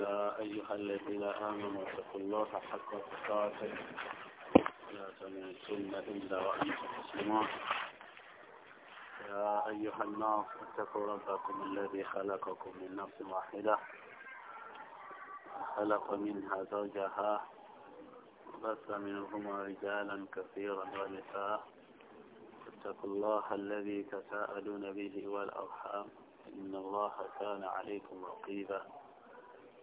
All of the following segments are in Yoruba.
يا أيها الذين آمنوا اتقوا الله حق تقاته لا تموتن إلا وأنتم مسلمون يا أيها الناس اتقوا ربكم الذي خلقكم من نفس واحدة خلق منها زوجها بث منهما رجالا كثيرا ونساء اتقوا الله الذي تساءلون به والأرحام إن الله كان عليكم رقيبا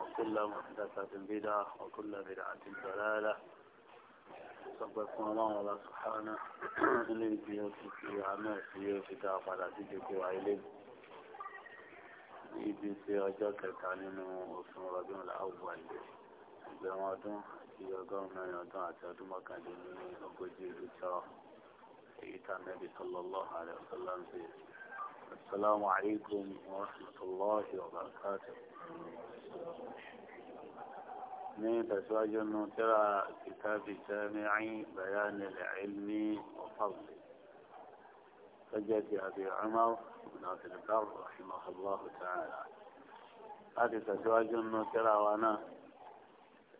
وكل محدثة بدعة وكل بدعة ضلالة صبت الله الله سبحانه اللي بيوتي في عمل بيوتي تعب على سيدك وعيلك ibi tí ọjọ́ kẹta nínú òfin ọdún làwọn ilé ẹgbẹ̀rún ọdún àti ọgọ́rùn-ún mẹ́rin ọdún àti ọdún mọ́kàndínlẹ́ni ogójì ìlújọ èyí tá nẹ́bí sallallahu alaihi wasallam. Assalamu alaikum wa rahmatullahi wa barakatuh. من تسواج ترى كتاب الجامع بيان العلم وفضله فجد أبي عمر بن عبد البر رحمه الله تعالى هذه تسواج ترى وأنا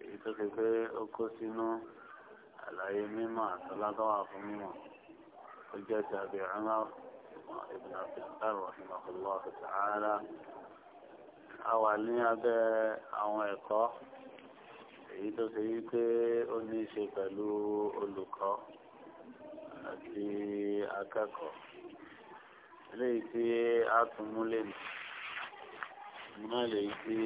يتقفي أكسن على يميما ثلاثة وعفميما فجد أبي عمر بن عبد البر رحمه الله تعالى awa wà ní abẹ́ àwọn èyí tó ṣe yí pé ó ní í ṣe pẹ̀lú olùkọ́ àti akẹ́kọ̀ọ́ eléyìí tí a tún mú lẹ́nu náà lèyí tí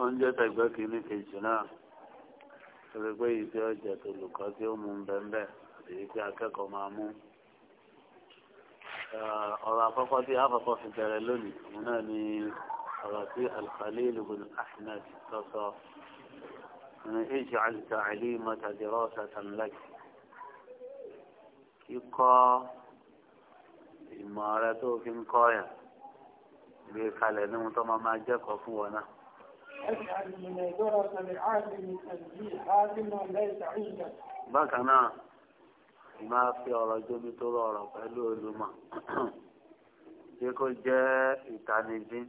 ó ń jẹ́ tẹ̀gbẹ́ kìíní kejì náà torí pé ìdí tó tí ó mú un bẹ́ẹ̀ وقد أعطى في جلالوني هنا رفيع الخليل بن أحمد قصى أنا اجعل تعليمة دراسة لك يقى إمارة في مقايا بيك لأنه نمطمة ما جاك وفونا اجعل من دراسة لعالم تنزيل عالم ليس عندك بك أنا máa fi ọ̀rọ̀ jómi tó rọrọ̀ pẹ̀lú olùmọ̀ jẹ́ kó jẹ́ ìtanijí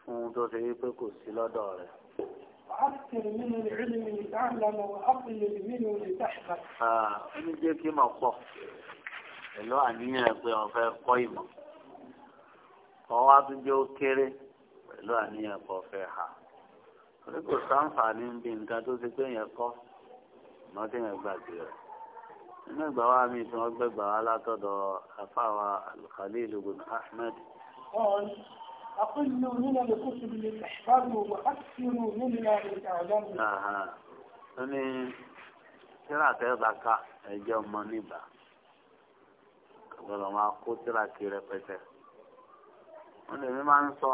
fún un tó ṣe yí pé kò sí lọ́dọ̀ rẹ̀. ẹni jẹ́ kí mọ̀ pọ̀ pẹ̀lú àníyàn pé wọ́n kọ́ ìmọ̀ ọwọ́ tún jẹ́ ó kéré pẹ̀lú àníyàn pọ̀ fẹ́ ha orí kò sáǹfà ní bí nǹkan tó pé yẹn kọ́ ìmọ̀ tí yẹn gbàgbé inú ìgbà wa mi fi wọn gbẹgbà wa látọ̀dọ̀ àfàwà alkhalil ibn ahmed. أقل من الكتب اللي تحفظوا وأكثروا منها لتعلموا. أها. أنا ترى تذكر ẹjọ́ mọ níbà gbọ́dọ̀ máa kó tíráàkì rẹpẹtẹ wọ́n lè mi máa ń sọ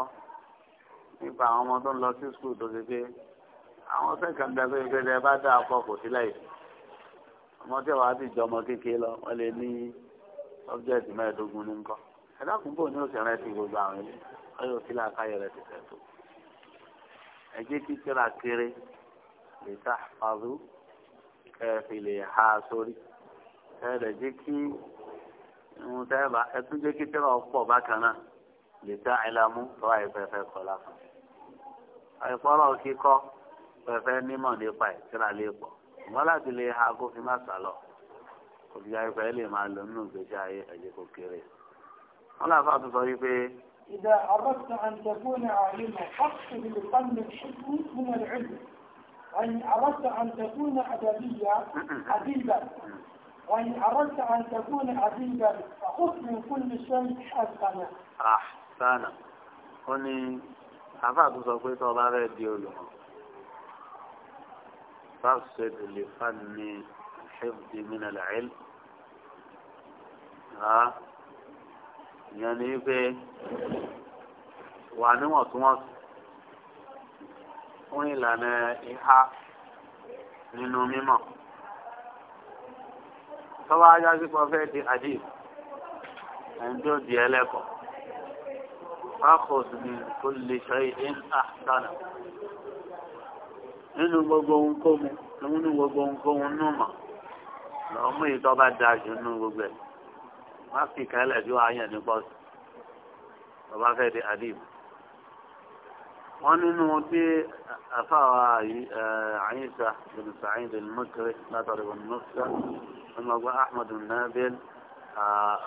nípa àwọn ọmọ tó ń lọ sí skul tó ṣe pé àwọn sẹ́kàndà pé ìgbẹ́dẹ bá dá ọkọ̀ kò sí lẹ́yìn ọmọ tí wàá sì jọ ọmọ kékeré lọ wọ́n lè ní ọ́bjẹ́tì mẹ́ẹ̀ẹ́dógún ní nǹkan ẹ̀dákùnbó ni ó sì rẹ́ ti gbogbo àwọn ilé ọyọ sílẹ̀ akáyọ̀ rẹ̀ ti fẹ́ tó ẹ jẹ́ kí tíra kéré lè ta fàzú kẹfì lè ha sórí ẹ rẹ̀ jẹ́ kí ń tẹ́ bá ẹ tún jẹ́ kí tíra ọ̀pọ̀ bákan náà lè ta ìlàmú tó àìfẹ́fẹ́ kọ́ lásán àìfọ́rọ̀ kíkọ́ fẹ́fẹ́ nímọ̀ nípa ẹ̀ lè pọ̀ ṣùgbọ́n lè ha kó fi má sálọ òbí ayọ̀pẹ̀ lè máa lọ nínú ìgbésí ayé ẹ̀jẹ̀ kò kéré wọn làfà tó sọ wípé. إذا أردت أن تكون عالما فاقصد بفن الحكم من العلم وإن أردت أن تكون أدبيا أديبا وإن أردت أن تكون أديبا فخذ من كل شيء حسنا أحسنا ó ní àfáà tó sọ pé tó bá fẹ́ di olùmọ̀ فاقصد لفن الحفظ من العلم ها يعني به وعن وطوص وإلى إيحاء nínú mímọ̀ tọ́wọ́ ajá sí kan fẹ́ di hadith ẹni tó di ẹlẹ́kọ̀ọ́ fákòsì ní kò lè ṣe ìdí àtàlà nínú gbogbo ohun kó mu nínú gbogbo ohun kó mu nù mọ̀ lọ́wọ́ mú ìtọ́ bá da jù nínú gbogbo ẹ̀ má fi kẹ́lẹ̀ bí wàá yàn ní pọ́sì bàbá fẹ́ di adib wọ́n nínú tí afáwa àyíṣà bin sa'id al látọ̀rọ̀ bin musa ọmọgbọ́n ahmed nabil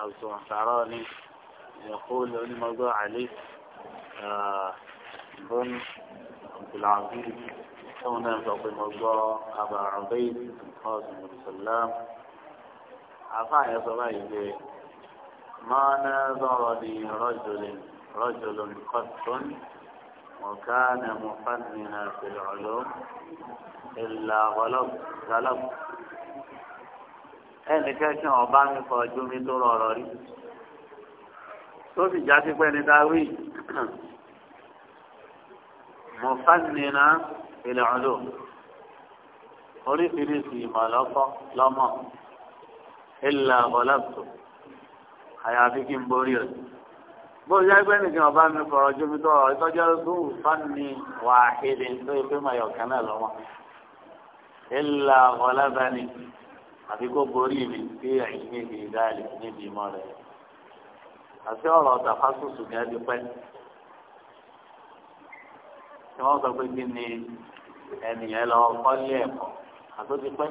al-sọ̀nsàrọ́ni يقول الموضوع علي بن عبد tóun náà sọ pé mo gbọ́ àbàràǹbẹ́ ìtìkọ́sùn mùsùlùmí àfáà yẹn sọ báyìí pé máa ná sọ̀rọ̀ di rọ́jòlin rọ́jòlin kọ́tún وكان مفننا في العلوم إلا غلب غلب ẹnìkan kí wọn bá mi fọ ojú mi tó rọrọ rí tó sì já sí pé ní dáwì mọ̀fánìna ilẹ̀ ọdún oríṣiríṣi ìmọ̀ lọ́kọ́ lọ́mọ ilẹ̀ ọ̀làtò àyàfi kí n borí rẹ̀ bó ṣe ẹgbẹ́ nìkan ọba mi fọ̀rọ̀ jómi tó ọ̀rọ̀ ìtọ́jú ọdún fani wà áhìlì tó yẹ pé mà yọ kánà lọ́mọ ilẹ̀ ọ̀làbani àfi kó borí mi sí ẹ̀yìn níbi níbi ìmọ̀ rẹ̀ àti ọ̀rọ̀ tàfásùsù ní ẹbí pẹ́ẹ́ tí wọ́n sọ pé kí ni ẹnìyẹn lọ kọ́lé ẹ̀kọ́ àtúntí pẹ́.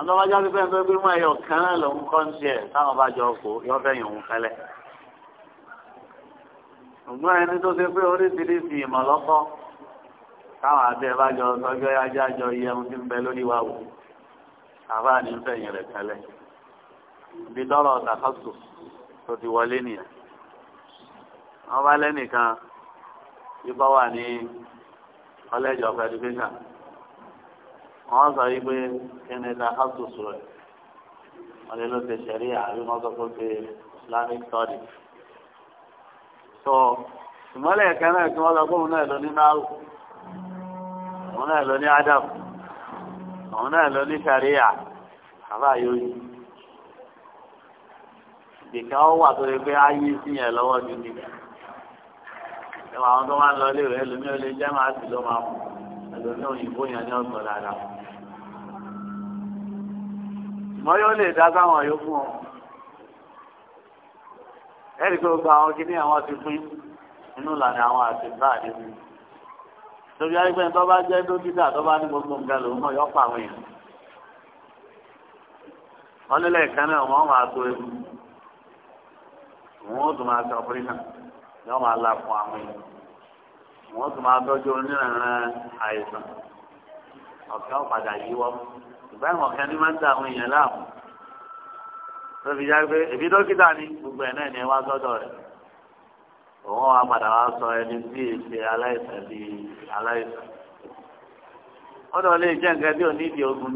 ọ̀dọ́mọdé wọn fẹ́ fẹ́ gbémọ̀ ẹ̀yọ̀ kan ló ń kọ́ ṣe ẹ̀ táwọn bá jọ kó yọ fẹ́yìn òun fẹ́lẹ́. ṣùgbọ́n ẹni tó ṣe pé oríṣiríṣi ìmọ̀ lọ́kọ́ táwọn abẹ́ bá jọ sọ́jọ́ ajá jọ iye ohun tí ń bẹ lórí wa wò àbá ní fẹ̀yìn rẹ̀ tẹ́lẹ̀ ibi tọ́rọ̀ tàkọ́sù tó ti wọlé nìyẹn wọ́n bá lẹ́nìkan e wà ní college of education wọ́n sọ yìí pé canada houses rẹ̀ wọ́n lè ló ṣe ṣẹ̀rí àbí wọ́n sọ islamic so ìmọ̀lẹ̀ ẹ̀kẹ́ tí wọ́n sọ pé òun náà ló ní náírà òun náà ló ní adam òun náà ló ní àbá yóò yí tó pé ayé sí yẹn ẹ̀wọ̀n àwọn tó máa ń lọ ilé rẹ̀ ẹlòmíì ó jẹ́ màá sì ló máa mú ẹlòmíì òyìnbó yẹn ní ọ̀sán dáadáa. ìmọ̀ yóò lè dá sáwọn yòókù wọn. ẹ̀rí pé gbogbo àwọn kìíní àwọn ti pín inú ìlànà àwọn àtìgbà àdéhùn. torí ayégbé tó bá jẹ́ dókítà tó bá ní gbogbo nǹkan lòun náà yọ̀pọ̀ àwọn èèyàn. wọ́n nílẹ̀ ìkànnì ọ̀mọ́ wọn àtò ewu. wọ́n ó tún máa ṣe ọ̀pẹ́rẹ́ ni wọ́n máa la fún àwọn èèyàn wọ́n sì máa dọ́jú onírànràn àìsàn ọ̀kẹ́ ọ̀padà yíwọ́ ìbáyìí ọ̀kẹ́ ni máa ń da àwọn èèyàn láàmú èmi dókítà ni gbogbo ẹ̀ náà ni ẹ wá sọ́dọ̀ rẹ̀ òun wá padà wá sọ ẹni tí aláìsàn di aláìsàn jẹ́ nǹkan tí ò ní ìdí ogun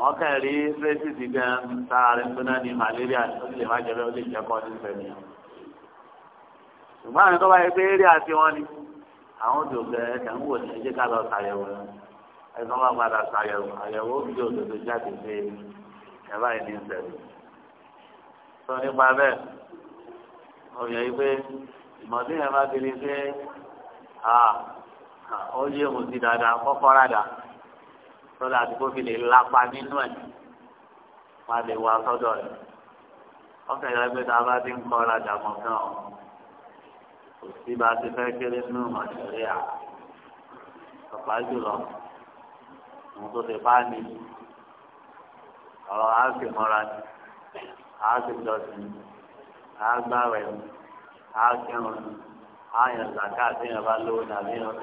wọ́n kàn rí fẹ́sìtì gan sára rẹ̀ gbóná ní malaria ó lè má jẹ́bẹ́ ó lè jẹ́ kọ́ ní sẹ́mi. ṣùgbọ́n àwọn tó bá yẹ pé eré àti wọn ni àwọn òjò bẹ̀rẹ̀ kàn ń wò ní ẹjẹ́ ká lọ ṣàyẹ̀wò ẹ̀sán bá padà ṣàyẹ̀wò àyẹ̀wò ó fi òjò tó jáde pé ẹ̀ báyìí ní sẹ́mi. sọ nípa bẹ́ẹ̀ ọ̀yọ́ yìí pé ìmọ̀tí yẹn bá ti rí pé ó yé mo ti dáadáa kọ́kọ́ rádàá sọ́dọ̀ àdúgbò fi lè lápa nínú ẹ̀ wọ́n á lè wá sọ́dọ̀ rẹ̀ ọkàn yẹn pé tá a bá ti ń kọ́ ọ̀rajà mọ́ gan ọ́ kò sí bá a ti fẹ́ kéré nínú màṣẹ́ríà ọ̀pá jùlọ òun tó ṣe fáàní ọ̀rọ̀ á mọ́ra ni á sì jọ́sìn ni á gbàwẹ̀ ni á kírun ni á yàn zakat àti yàn bá lówó ni àbí yàn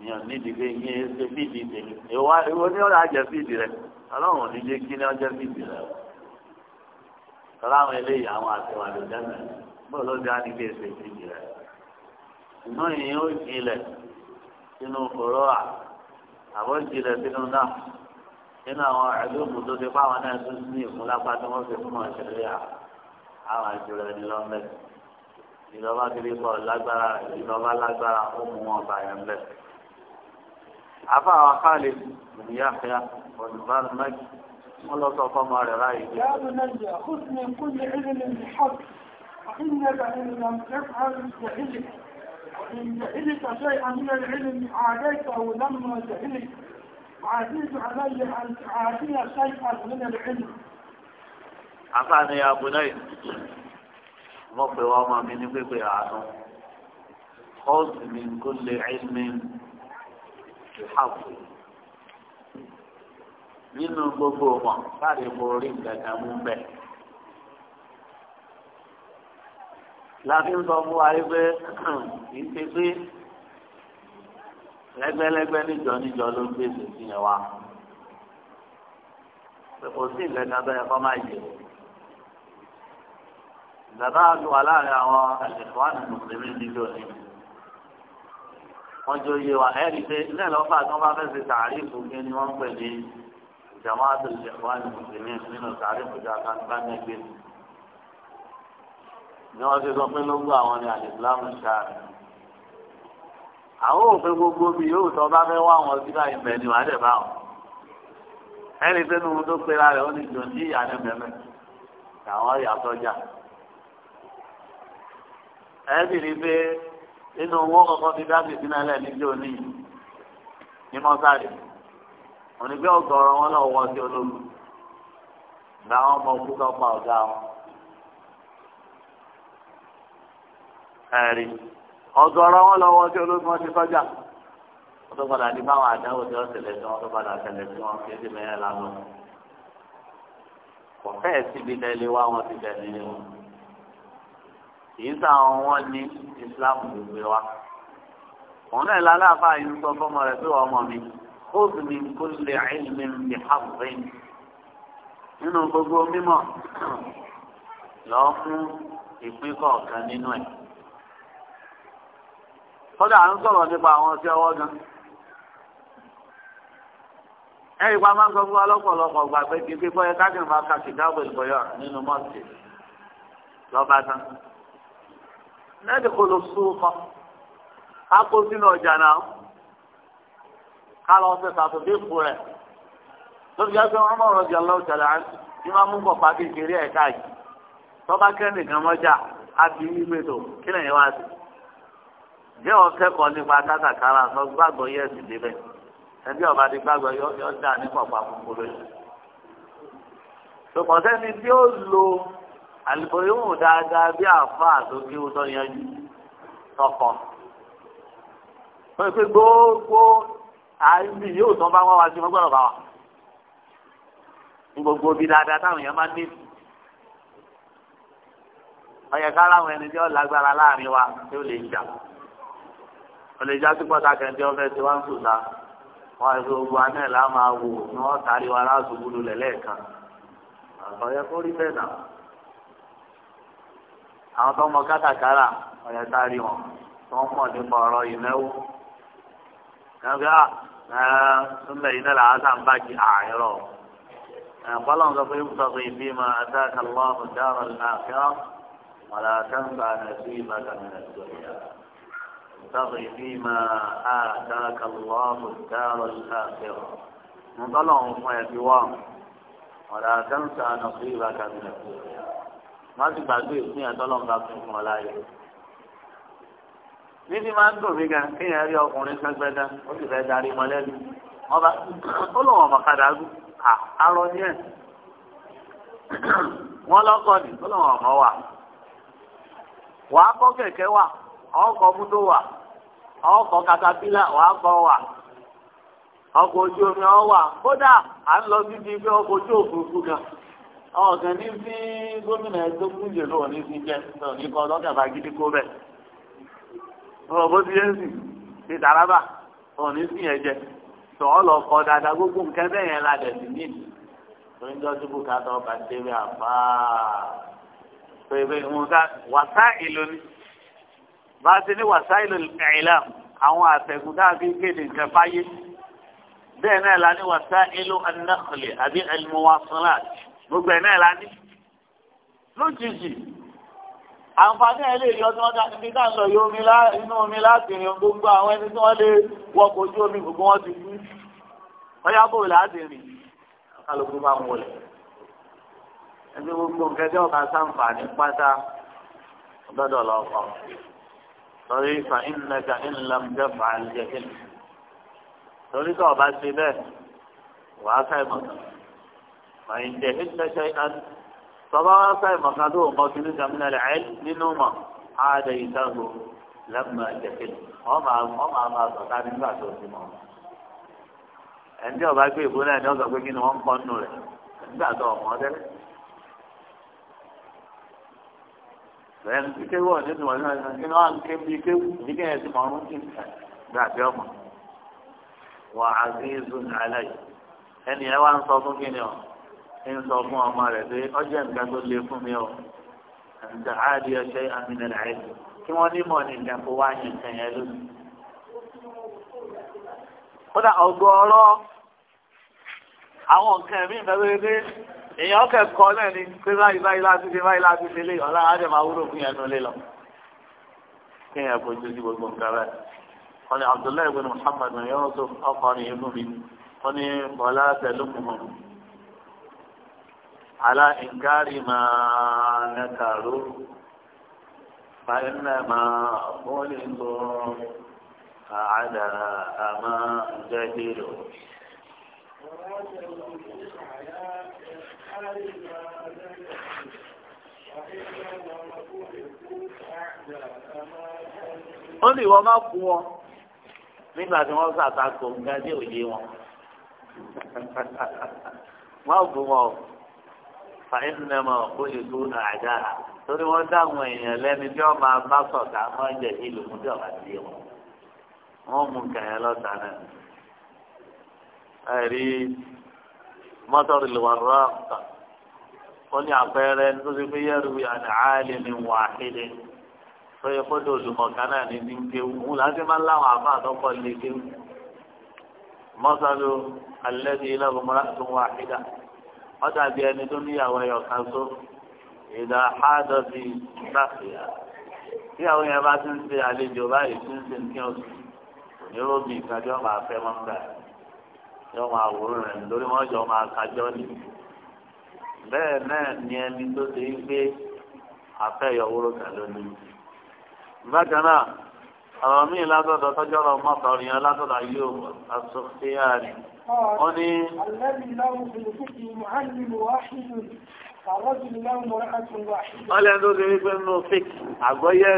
èèyàn nídìí pé yín ẹ ṣe fídìí tèmi ìwọ ní ọ̀rọ̀ àjẹ fídìí rẹ ọlọ́run ò ní jẹ́ kí ní ọjọ́ fídìí rẹ ọlọ́run eléyìí àwọn àtiwà ló jẹ́ mẹ́rin bó ló dé ánì lè ṣe fídìí rẹ ìmọ̀ èèyàn ó jìnlẹ̀ sínú kòró à àbọ̀ jìnlẹ̀ sínú náà nínú àwọn ẹ̀dógún tó ti fáwọn náà tún ní ìmúlápá tí wọ́n fi fún ọ̀ṣẹ́lẹ̀ àwọn àjùlọ ní lọ́mẹ́sì ìjọba kiri kọ lágbára ìjọba lágbára ó mú wọn bàyàn lẹ́sẹ̀ afa àwọn akáàlẹ̀ ìyá àfẹ́yà ọ̀dùnmáàlù máàkì wọ́n lọ sọ fọ́mọ rẹ̀ ráyè dé. فإنك إن لم تفعل جهلك وإن جهلك شيئا من العلم عاديته لما جهلك عزيز علي أن تعادي شيئا من العلم àfáàní abúlé mọ̀ pé wọ́n máa mi ní pípé àánú kọ́ọ̀sì mi kò lè ẹ̀mí ìhàpù nínú gbogbo wọn láti mọ orí ìgbàgbà mú bẹ. láti ń sọ fún wa yìí pé kì í ṣe pé lẹ́gbẹ́lẹ́gbẹ́ níjọ níjọ ló ń gbèsè sí yẹn wa kò sí ìgbàgbà bẹ́ẹ̀ kọ́ máa yẹ bàbá àdúrà láàrin àwọn àlèkò àti mùsùlùmí nílò ní wọ́n jọ yé wa ẹ̀rí pé ilé ìlọ́fà tí wọ́n bá fẹ́ ṣe tààrí ìfòkè ni wọ́n ń pè ní jamaatul ikhwan muslimin nínú tààrí ìfòkè àkàndínlẹ́gbẹ́ ni wọ́n ti sọ pé lógún àwọn ni al-Islam ṣáà àwọn òfin gbogbo bíi yóò tọ́ bá fẹ́ wá wọn sí báyìí bẹ́ẹ̀ ni wàá dẹ̀ bá wọn ẹni pé nu tó pera rẹ̀ ó ní jò ní ìyá ní mẹ́mẹ́ àwọn ìyàtọ̀ jà ẹ̀ẹ́dì ni pé. nínú owó kọ̀ọ̀kan ti dá bìbí náà lẹ́ẹ̀ níjó ní ní mọ́sáàdì onígbẹ́ ọ̀gọ́rọ̀ wọn gba ọmọ kan pa ọ̀gá wọn. ẹ̀rí ọ̀gọ́rọ̀ wọn ti sọ́jà wọ́n tó padà ní báwọn àdáwò tí wọ́n tẹ̀lé tí wọ́n tó padà tẹ̀lé tí wọ́n fi mẹ́rin lánàá. kò fẹ́ẹ̀ síbi wá wọn ti kìí sáwọn wọn ní islam gbogbo wa òun náà lálàáfà yìí ń sọ fọmọ rẹ pé ọmọ mi ó sì ní kó lè ẹ̀yìn mi ní hàbùrẹ́yìn nínú gbogbo mímọ̀ lọ́ọ́ fún ìpín kọ̀ọ̀kan nínú ẹ̀ kọ́dà ń sọ̀rọ̀ nípa àwọn tí ọwọ́ gan. ẹ̀rí pa máa ń sọ fún wa lọ́pọ̀lọpọ̀ gbà pé kí pípọ́ yẹ káàkiri máa ka kìdáàbò nínú mọ́ọ̀sì lọ́ba tán. ندخل السوق أقول سنو جانا قال وصفة صديق قرأ لو جاء عمر رضي الله تعالى عنه إمام مكو فاتي كيري أكاي طبعا كان كما جاء àti mímẹ́tò kí lẹ́yìn wá sí. Ǹjẹ́ wọ́n kẹ́kọ̀ọ́ nípa Ẹbí ọba ti gbàgbọ́ yọ nípa kúrò yìí. sẹ́ni tí ó àlùkò yóò wù dáadáa bí àáfàá tó kí wọ́n tó yanjú tọkọ. wọ́n pe gbogbo àìsí yóò tán bá wọ́n wá sí ọgbọ́n ọ̀bá wa. ní gbogbo bí dáadáa táwọn èèyàn máa ń dé. ọ̀yẹ̀ ká láwọn ẹni tí ó lágbára láàrin wa tí ó lè jà. ó lè já sí pàtàkì tí ó fẹ́ ti wá ń sùn náà. wọ́n á fi gbogbo máa wò ní wọ́n tàrí wa láàzùgbùdù lẹ̀lẹ́ẹ̀kan. àgbọ̀yẹ kó rí bẹ́ẹ̀ náà àwọn tó mọ kátàkárà ọ̀yẹ́ sáré wọn tó ń mọ̀ nípa ọ̀rọ̀ ìnáwó kàgbé à ńlẹ̀ iná là á sàn bá di àárọ̀ ẹ̀kọ́lọ́n sọ pé ìbùsọ̀kọ̀ ìbí ma àtàkà lọ́wọ́ dáhùn àkẹ́rọ̀ wàlá kánfà nàbí màgàmì nàìjíríà ìbùsọ̀kọ̀ ìbí ma àtàkà lọ́wọ́ dáhùn àkẹ́rọ̀ ńkọ́lọ́n fún ẹ̀bí wọ́n wàlá kánfà nàbí màgàmì nàìjíríà. má sì gbàgbé ìpín àtọ́lọ́mùbá fún ìmọ̀ láyé. níbi máa ń dùn mí gan kéèyàn rí ọkùnrin sẹgbẹ́dá ó sì fẹ́ darí wọn lẹ́nu ọba ó lọ wọn ọ̀kadà àárọ̀ ní ẹ̀ wọ́n lọ́kọ̀ ní ó wà kọ́ kẹ̀kẹ́ wà ọkọ̀ mútó wà ọkọ̀ katapila wàá kọ́ wà ọkọ̀ ojú omi wà kódà à ń lọ àwọn kan ní sí gómìnà ẹgbẹ́ kúnjẹ lóò ní sí jẹ tó ní kọ lọ́kàn bá gidi kó bẹ̀. ọ̀rọ̀ bó ti yẹn sì ti tàràbà ọ̀ ní sí yẹn jẹ tó ọ lọ kọ dáadáa gbogbo nǹkan bẹ́ẹ̀ yẹn ládẹ̀ sí ní ìlú. ló ń jọ́jú bùkátà ọba tẹ́lẹ̀ àfà pèpè nǹkan wàsá ìlú ni bá a ti ní wàsá ìlú ìlà àwọn àtẹ̀kùn tá fi gbogbo ẹ̀ náà la ní lójijì àǹfààní ẹ lè yọ tí wọn dáni bí náà lọ yọ omi inú omi láti rìn gbogbo àwọn ẹni tí wọn lè wọkọ̀ ojú omi gbogbo wọn ti kú ọyá bò láti rìn kálukú máa ń wọlé ẹni gbogbo nǹkan tí ọkà sáǹfààní pátá gbọ́dọ̀ lọ kọ torí fa ìnàkà ìnlam jẹfà àlùjẹkẹ torí tó o bá ṣe bẹ́ẹ̀ wàá fẹ́ mọ. فإن جهلت شيئا فضاعف مقادوه قوتين من العلم لنوما عاديته لما جهل وما وما ما صدر من بعد وسمه ẹni ọba gbé ìbò náà ni ọsọ pé kí ni wọn ń pọn nù rẹ nígbà tó ọmọ ọdẹrẹ bẹ́ẹ̀ ní kéwù ọ nínú wọn náà kí ni wọn ń ké bí kéwù ní kéwù ti mọ ọrùn kí gbà bí ọmọ wà á sí zun aláì ẹni ẹ wá ń sọ fún kí ni ọ ń sọ fún ọmọ rẹ̀ pé ọjọ́ nǹkan tó le fún mi o àǹtà áàdì ọṣẹ àmìnà rẹ̀ kí wọ́n nímọ̀ ní nǹkan kó wá yẹn nǹkan yẹn lónìí. kódà ọgọ́rọ́ àwọn nǹkan ẹ̀mí nǹkan tó dé èèyàn kẹ́kọ̀ọ́ náà ni pé báyìí báyìí láti ṣe báyìí láti ṣe lé ọ̀la àdè máa wúlò fún yẹn lé lọ. kí èèyàn fojú sí gbogbo nǹkan rẹ̀ wọ́n ní Abdullahi ibn Muhammad ibn Yusuf ọkọ̀ ni ibùmí wọ́n ní bọ́lá tẹ̀lé kùmọ̀ على إنكار ما نكروا فإنما ظلموا على ما جهلوا ó ní ìwọ máa kú wọn nígbà tí wọn ṣàtakò nǹkan tí ò yé wọn wọn ò bú wọn o. fàìsìnàmà òkúlùkù àdáhà torí wọn dáhùn èèyàn lẹ́ni tí wọn máa bá sọ̀tà wọn jẹ ìlú fún tí wọn wọn mú kẹyàn lọta náà ẹrí mọtọrì lùwàrọ ó ní àpẹẹrẹ nítorí pé yẹrù ọjà bí ẹni tó níyàwó ẹyọ kan tó ìdá àádọ́bí báfíà bí àwọn yẹn bá ti ń ṣe àlejò báyìí tí ń ṣe ní oṣù oníròbì ìkájọ máa fẹ́ mọ́ gbà yọ máa wòrán rẹ̀ lórí wọn jọ máa kájọ́ ni bẹ́ẹ̀ náà ni ẹni tó ṣe ń gbé afẹ́yọ̀wòrán kan lónìí bákan náà àwọn míì látọ̀dọ̀ tọ́jọ́ lọ mọ́tọ̀rin látọ̀dọ̀ ayé òmò asòfíàrí wọ́n ní wọ́n lẹ́nu tó ti rí pé nínú fík àgbọ́yé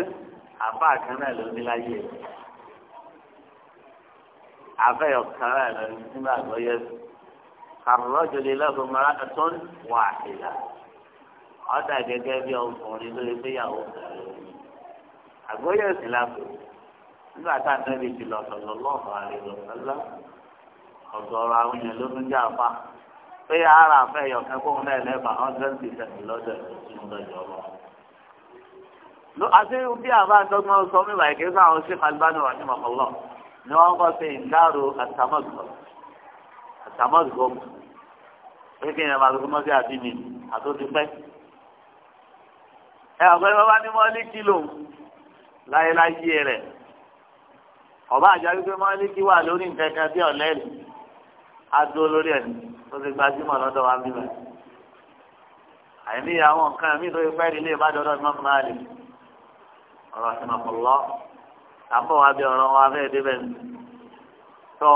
àbá kan náà ló ní láyé àbẹ́yọ̀ kan náà ló ní nínú àgbọ́yé àrùlọ́jọ lè lọ́gbọ̀n mara tó ń wà ìlà ọ̀dà gẹ́gẹ́ bí ọkùnrin lórí pé yàwó kan ló ní sì lápò nígbà tá a nẹ́bi ti lọ sọ̀rọ̀ lọ́ọ̀fà àrègbè ọ̀sánlá ọ̀gọ̀rọ̀ àwọn èèyàn ló ń jà pa pé ara àfẹ́ ẹ̀yọ̀kẹ́ kóhun náà lẹ́bàá hundred percent lọ́dọ̀ ìlọ́jọ́ lọ. àti bí àbá àtọ́gbọ́n sọ mí báyìí kí sáwọn ṣe kalibanu wà ní mọ̀kànlọ́ ni wọ́n kọ́ sí ìdárò àtàmọ́gbọ̀ àtàmọ́gbọ̀ pé kí ni màá gbọ́n ẹ ọ̀gbẹ́ni bàbá ní mọ́lí kìlò láyé ọba àjàrí pé mọ́lẹ́kì wà lórí nǹkan kan bí ọ̀lẹ́rì adó lórí ẹ̀ tó ti gbajúmọ̀ lọ́dọ̀ wa bíbẹ̀. àìní àwọn nǹkan mi tó yẹ pẹ́ nílé ìbàdàn ọ̀dọ́ ìmọ̀ máa lè ọ̀rọ̀ sí màpọ̀lọ́ tàbọ̀ wa bí ọ̀rọ̀ wa fẹ́ débẹ̀ ní. tọ́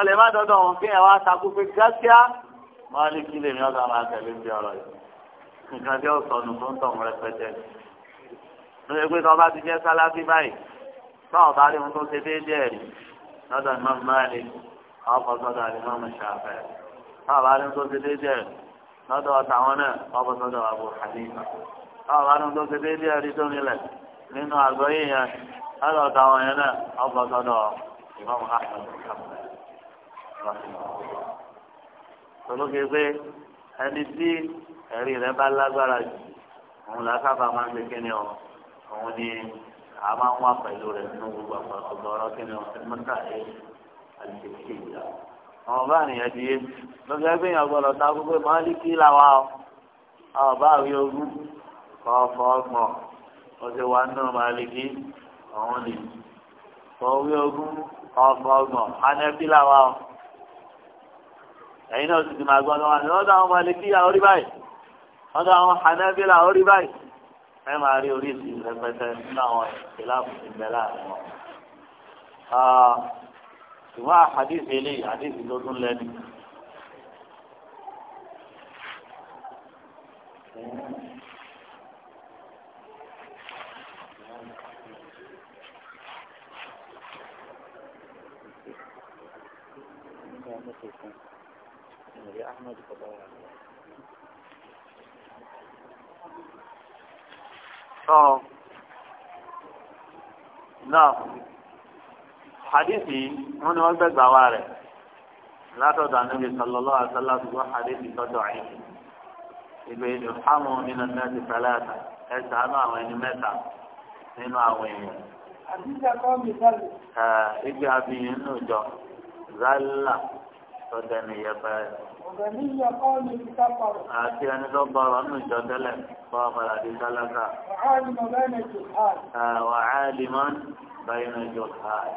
ọlẹ́ má dọ́dọ̀ wọn kí ẹ wá takú pé gáṣíá mọ́lẹ́kì lèmi ọ̀gá máa tẹ̀lé bí ọ̀rọ̀ yìí nǹkan tí ó sọnù tó ń tọ̀ báwo bá rí ohun tó ṣe déédéé rí lọ́dọ̀ imam malik ọkọ̀ sọ́dọ̀ imam shafi'i báwo bá rí ohun tó ṣe déédéé rí lọ́dọ̀ ọ̀tàwọn náà ọkọ̀ sọ́dọ̀ abu hanifa báwo bá rí ohun tó ṣe déédéé rí tó nílẹ̀ nínú àgbọ̀yé yẹn lọ́dọ̀ ọ̀tàwọn yẹn náà ọkọ̀ sọ́dọ̀ imam ahmed tolókè pé ẹni tí ẹ̀rí rẹ̀ bá lágbára jù òun làákàbà máa ń gbé kíni ọ òun ni a máa ń wá pẹ̀lú rẹ̀ nínú gbogbo àpapọ̀ ọ̀rọ̀ kí ni mọ́tà ẹ̀ àlùfẹ́sì ìjà. àwọn bá nìyẹn di yé lọ́sọ̀ ẹgbẹ́ yẹn gbọ́dọ̀ ta gbogbo mọ́líkì làwa ọ ọba àwí ogún kọ̀ọ̀fọ̀ ọgbọ̀n ó ti wá nínú mọ́líkì ọ̀hún ni kọ̀ọ̀wé ogún kọ̀ọ̀fọ̀ ọgbọ̀n anẹ́bí làwa ọ ẹ̀yin náà ti ẹ máa rí oríṣi rẹpẹtẹ nínú àwọn ìlànà ìgbẹ́ láàrin wọn. ṣùgbọ́n àdìsí eléyìí àdìsí tó tún lẹ́nu. Ahmed Kabara. ọ̀ náà hadithi wọn ni wọn gbẹgbà wa rẹ látọ̀dọ̀ anábì sallallahu alaihi wasallam ṣùgbọ́n hadithi tọ́jọ́ ẹ̀ ìgbé ìfàmù nínú mẹ́tì fẹ́lẹ́ta ẹ̀sà náà àwọn ẹni mẹ́ta nínú àwọn èèyàn. ìgbé abiyin nù jọ zálà tọ́jọ́ ni yẹ fẹ́ẹ́. Àti ẹni tó bọ̀rọ̀ nù ìjọ tẹ́lẹ̀ fọ́ ọ̀pàdà di sálákà. Wà á lè mọ́ báyìí nà ìjọ káàì.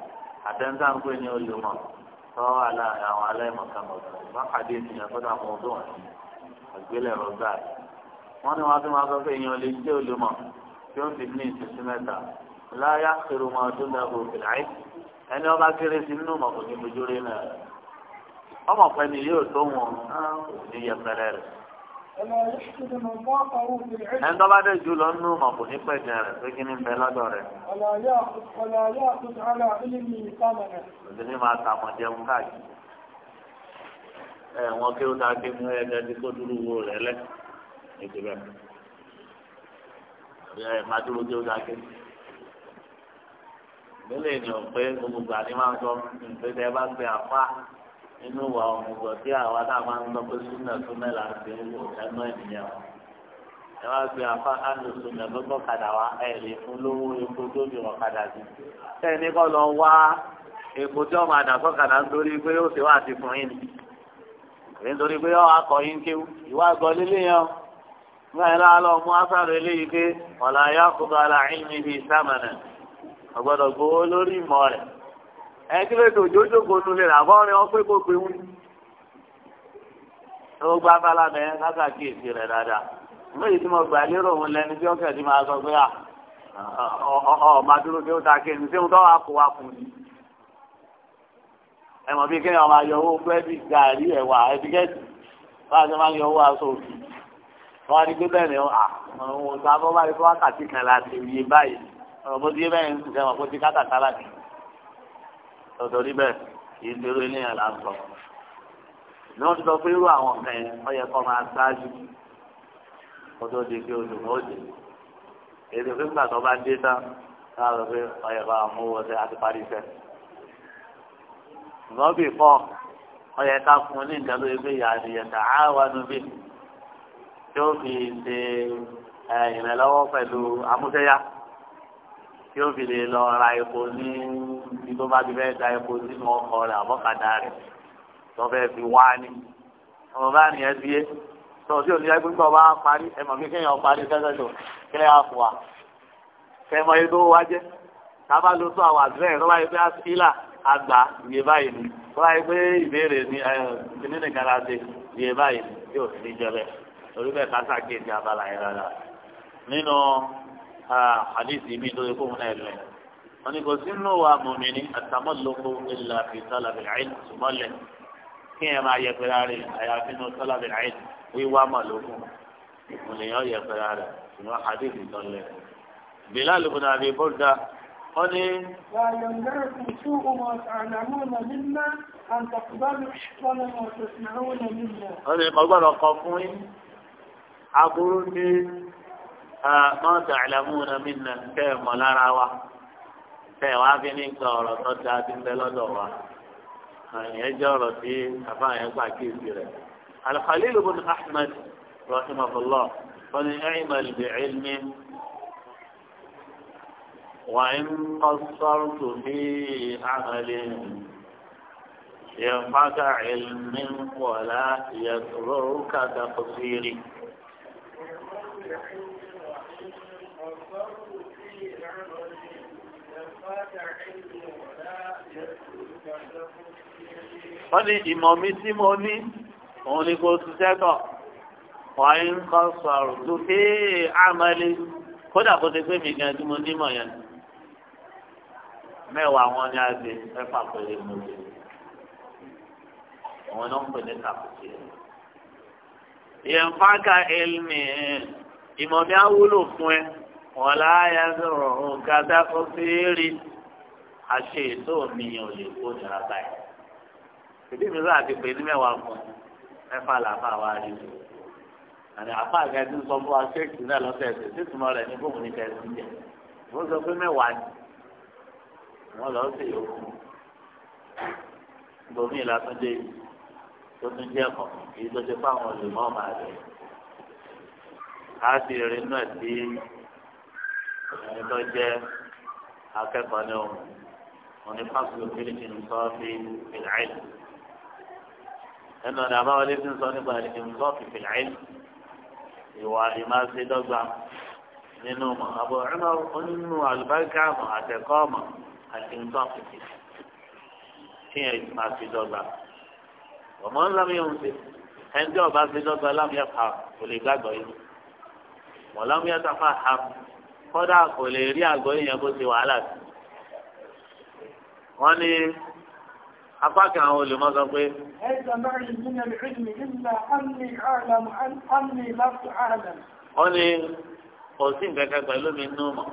Àtẹ́ńtà ń pè ní olùmọ̀ tó wà láàrin àwọn aláìmọ̀kànmọ̀kàn. Wọ́n pàdé ìsìnyàn tó dà mọ́ ọdún ọ̀sìn. Àgbélẹ̀rọ gbà. Wọ́n ní wọ́n tún máa sọ ọmọ pẹ́ ni yóò tó wọn ah, ní yẹpẹrẹ rẹ̀. ẹni tó bá dé jù lọ nínú mọ̀ kò ní pẹ́ jẹ rẹ̀ pé kí ni bẹ lọ́dọ̀ rẹ̀. òsì ní máa ta àmọ̀ jẹun káàkiri. ẹ wọn kí ó dáa kí mú ẹgbẹ́ tí kò dúró wo rẹ̀ lẹ́ ètò rẹ̀. ẹ máa dúró kí ó dáa kí gbẹ́lẹ̀ ni ọ̀pẹ́ gbogbo àdìmọ́ sọ nígbẹ́sẹ̀ bá gbé àpá. nínú wa ọmọgbọ tí àwa náà máa ń lọ pé súnà tó mẹ́la ń wò ẹnu ènìyàn o ẹ wá gbé afá àlù súnà lọ́gbọ́ kadà wá ẹ lè fún lówó epo tó lọ wá epo tí ọmọ àdàkọ́ kadà ó ti wá àti fún yín ni pé kéwú ìwà àgọ́ líle yẹn yẹn láwọn ẹ kí ló tó jójókòó nulẹ̀ làbọ́rin ọpẹ́ kó pe wí. ó gba abala mẹ́ lákàkí èsì rẹ̀ dáadáa lóye tí mo gbà lérò òun lẹni tí ọkẹ́ ti máa sọ pé à ọ̀ máa dúró kí ó ta kí ẹni tí mo tọ́ wa kó wa kù ní. ẹ mọ̀ bí kí ọmọ ayọ̀ owó búrẹ́dì gàrí ẹ̀wà ẹ̀dígẹ́tì bá a máa yọ owó aṣọ òkè wọ́n á di pé bẹ́ẹ̀ ni àwọn òṣàbọ̀ báyìí fún wákàtí kan láti yé báyìí ọ̀rọ̀ bó ti yé bẹ́ẹ̀ ń sùn sẹ́wọ̀n kó ti kátàkárà kìí tọ́tọ́rí bẹ́ẹ̀ kì í ṣerú eléyàn là ń sọ. ní wọ́n ti sọ pé irú àwọn nǹkan yẹn wọ́n yẹ kọ́ máa ṣáájú kó tó di pé oṣù náà dé. èdè fún ìgbà tó bá dé tán náà lọ pé ọyẹ bá mú owó ṣe àti parí iṣẹ́. ṣùgbọ́n bí kọ́ ọyẹ ká fún un ní nǹkan tó ìyá àdìyẹ tà á wà nù tí ó fi ṣe ìrànlọ́wọ́ pẹ̀lú amúṣẹ́yá tí ó fi lè lọ ra epo ní ibi tó bá ti fẹ́ da epo sínú ọkọ̀ rẹ̀ àbọ̀kadà rẹ̀ tó fẹ́ fi wá ní ọmọ bá nìyẹn sí yé tó o tí ò ní ẹgbẹ́ tó o bá parí ẹ mọ̀ mí kéèyàn parí sẹ́sẹ̀ tó kílẹ̀ á fò wá kẹmọ yìí tó wá jẹ́ tábà ló tó àwọn àdúrà yìí tó bá yẹ pé àṣìlà àgbà yìí báyìí ni tó bá yẹ pé ìbéèrè ni kíní nìkan la yìí báyìí yóò fi jẹ bẹ́ẹ̀ torí bẹ́ẹ̀ kásá àdìsí mi tó yẹ kó wọn ẹlẹ wọn ni kò sínú wa mọmìnì àtàmọlòkó ìlà fi sálàbì àìlì sùmọlẹ kí ẹ máa yẹ pẹlẹ rẹ àyàfi nù sálàbì àìlì wíwá màlòkó wọn lè yàn yẹ pẹlẹ rẹ ṣùgbọ́n àdìsí tó lẹ. Bilal ibn Abi Burda wọn ni. wà á yọ̀ ǹdẹ́rẹ̀ kùn sí ọmọ àlàmú ọ̀nà nílá àǹtàkùbálù ṣùgbọ́n ọmọ ọ̀sẹ̀ máa tàlámù nàmí nà kẹ́ ẹ̀ mọ̀ lára wa kẹ́ ẹ̀ wá fi ní nǹkan ọ̀rọ̀ tó da ti ń bẹ lọ́dọ̀ wa ìyẹn jẹ́ ọ̀rọ̀ tí àfa yẹn gbà kéèsì rẹ̀. Al-Khalil ibn Ahmad rahimahullah wọn ni i'mal bi'ilmi wa in qassartu fi 'amalin ينفعك علم ولا يضرك تقصيري والصرف في العمل نفات علم ولا wọ́n ní ìmọ̀ mi tí mo ní òun ni kò ṣiṣẹ́ kọ̀ wọ́n ń kọ́ sọ̀rọ̀ tó ké àmọ́lé kódà kó ti pé mi gan tí mo nímọ̀ yẹn mẹ́wàá wọn ni a gbé mẹ́fà péré mo gbé òun náà ń pè ní kàkùtì yẹn fáka elmi ìmọ̀ mi á wúlò fún ẹ wọn láàyè sọ̀rọ̀ nǹkan dákọ fèèrè àṣẹ ètò mi ò lè kó nira báyìí ìdí mi sáà ti pè ní mẹ́wàá kan mẹ́fà làbá wa rí o àti àpá àgbà tí ń sọ fún wa ṣéèkì náà lọ́sẹ̀ ẹ̀sẹ̀ tí ìtumọ̀ rẹ̀ ní bóun ní kẹsì jẹ wọ́n sọ pé mẹ́wàá ni wọ́n lọ sí yòókù gbòmí ìlàtúndé tó tún jẹ́ kàn èyí tó ti fáwọn olùmọ̀ọ́mà rẹ̀ á sì rí náà ẹni tó jẹ́ akẹ́kọ̀ọ́ ní ọ̀hún wọn ni fásitì fílíkì ń sọ fi fìlàìlì ẹnu ọ̀nà àbáwọlé ti ń sọ nípa ìmùsọ́ fi fìlàìlì ìwà ìmáṣedọ́gba nínú mọ̀ àbọ̀ ẹ̀rọ onínú àlùbáríkà mọ̀ àtẹ̀kọ́ mọ̀ àti ìmùsọ́ fi fìlàìlì kí ẹ̀ máa fi dọ́gba ọmọ ńlá mi ń ṣe ẹni tí ọba fi dọ́gba lámìẹ́fà kò lè gbàgbọ́ yìí mọ̀ lámìẹ́ta fà hàm kọ́dà kò lè rí àgọ́ yẹn kó ti wàhálà sí. wọ́n ní apá kan àwọn olùmọ̀ sọ pé. wọ́n ní kò sí nǹkan kan pẹ̀lú mi nù mọ̀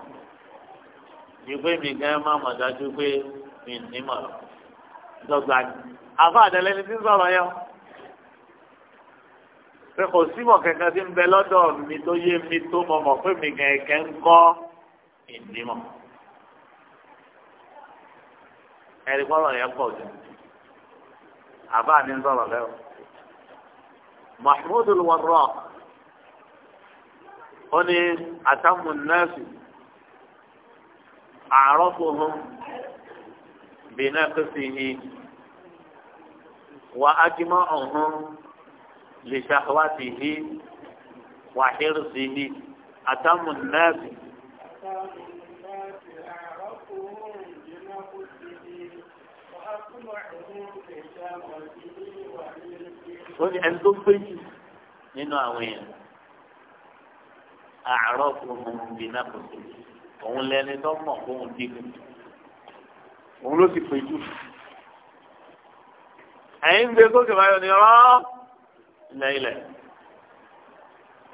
ìgbé mi gan má mọ̀ dájú pé mi ní mọ̀ lọ. dọ́gba àfa àtẹlẹ́ni tí ń sọ̀rọ̀ yẹn pé kò símọ̀ kankan tí ń bẹ lọ́dọ̀ mi tó yé mi tó mọ̀ mọ̀ pé mi kẹ̀kẹ́ ń kọ́ ìdímọ̀. ẹ̀rí kọ́lọ̀ yẹn pọ̀ jù àbá mi ń sọ̀rọ̀ lẹ́wọ̀. Mahmoud al ó ní atamu an-nasi a'rafuhum bi naqsihi wa ajma'uhum lè وحرصه أتم الناس sí ní àtàmù nẹ́ẹ̀sì. ó ní ẹni tó gbé jù nínú àwọn èèyàn àárọ̀ fún un bí náà kò sí òun lẹni tó mọ̀ fóun dínkù òun ló sì pé jù. ẹ̀yin gbé sókè báyọ̀ ní ọ̀rọ̀. ليلة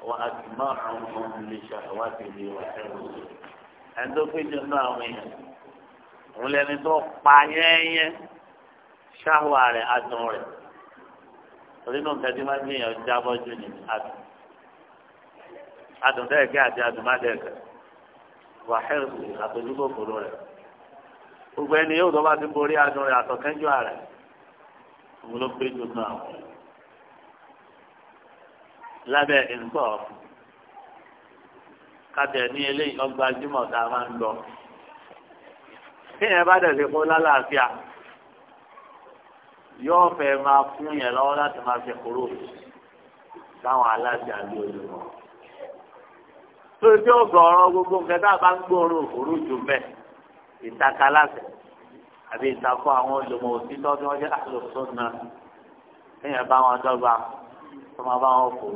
وأتباعهم لشهوته وحرصه عنده في جماعه ولا نتوقع طعيان شهوة على أدنوره nínú nǹkan tí wọ́n gbé yẹn jábọ́ jù ní adùn adùn dẹ́ẹ̀kẹ́ àti adùn má lábẹ́ ìǹkọ́ kábẹ̀ ní eléyìí ọgbà jùmọ̀ tá a máa ń lọ. kéèyàn bá dẹ̀ ṣe kó lálàáfíà yóò fẹ́ máa fún yẹn lọ́wọ́ láti máa fi kúrò láwọn aláṣẹ àbí olùmọ̀. tó o tí ó gọ̀ọ̀rọ̀ gbogbo nǹkan tá a bá ń gbòòrò òru jù bẹ́ẹ̀ ìtaka àbí ìtakọ̀ àwọn olùmọ̀ òtítọ́ tí wọ́n jẹ́ àlòsùn náà kéèyàn bá wọn dọ́gba tó máa bá wọn kó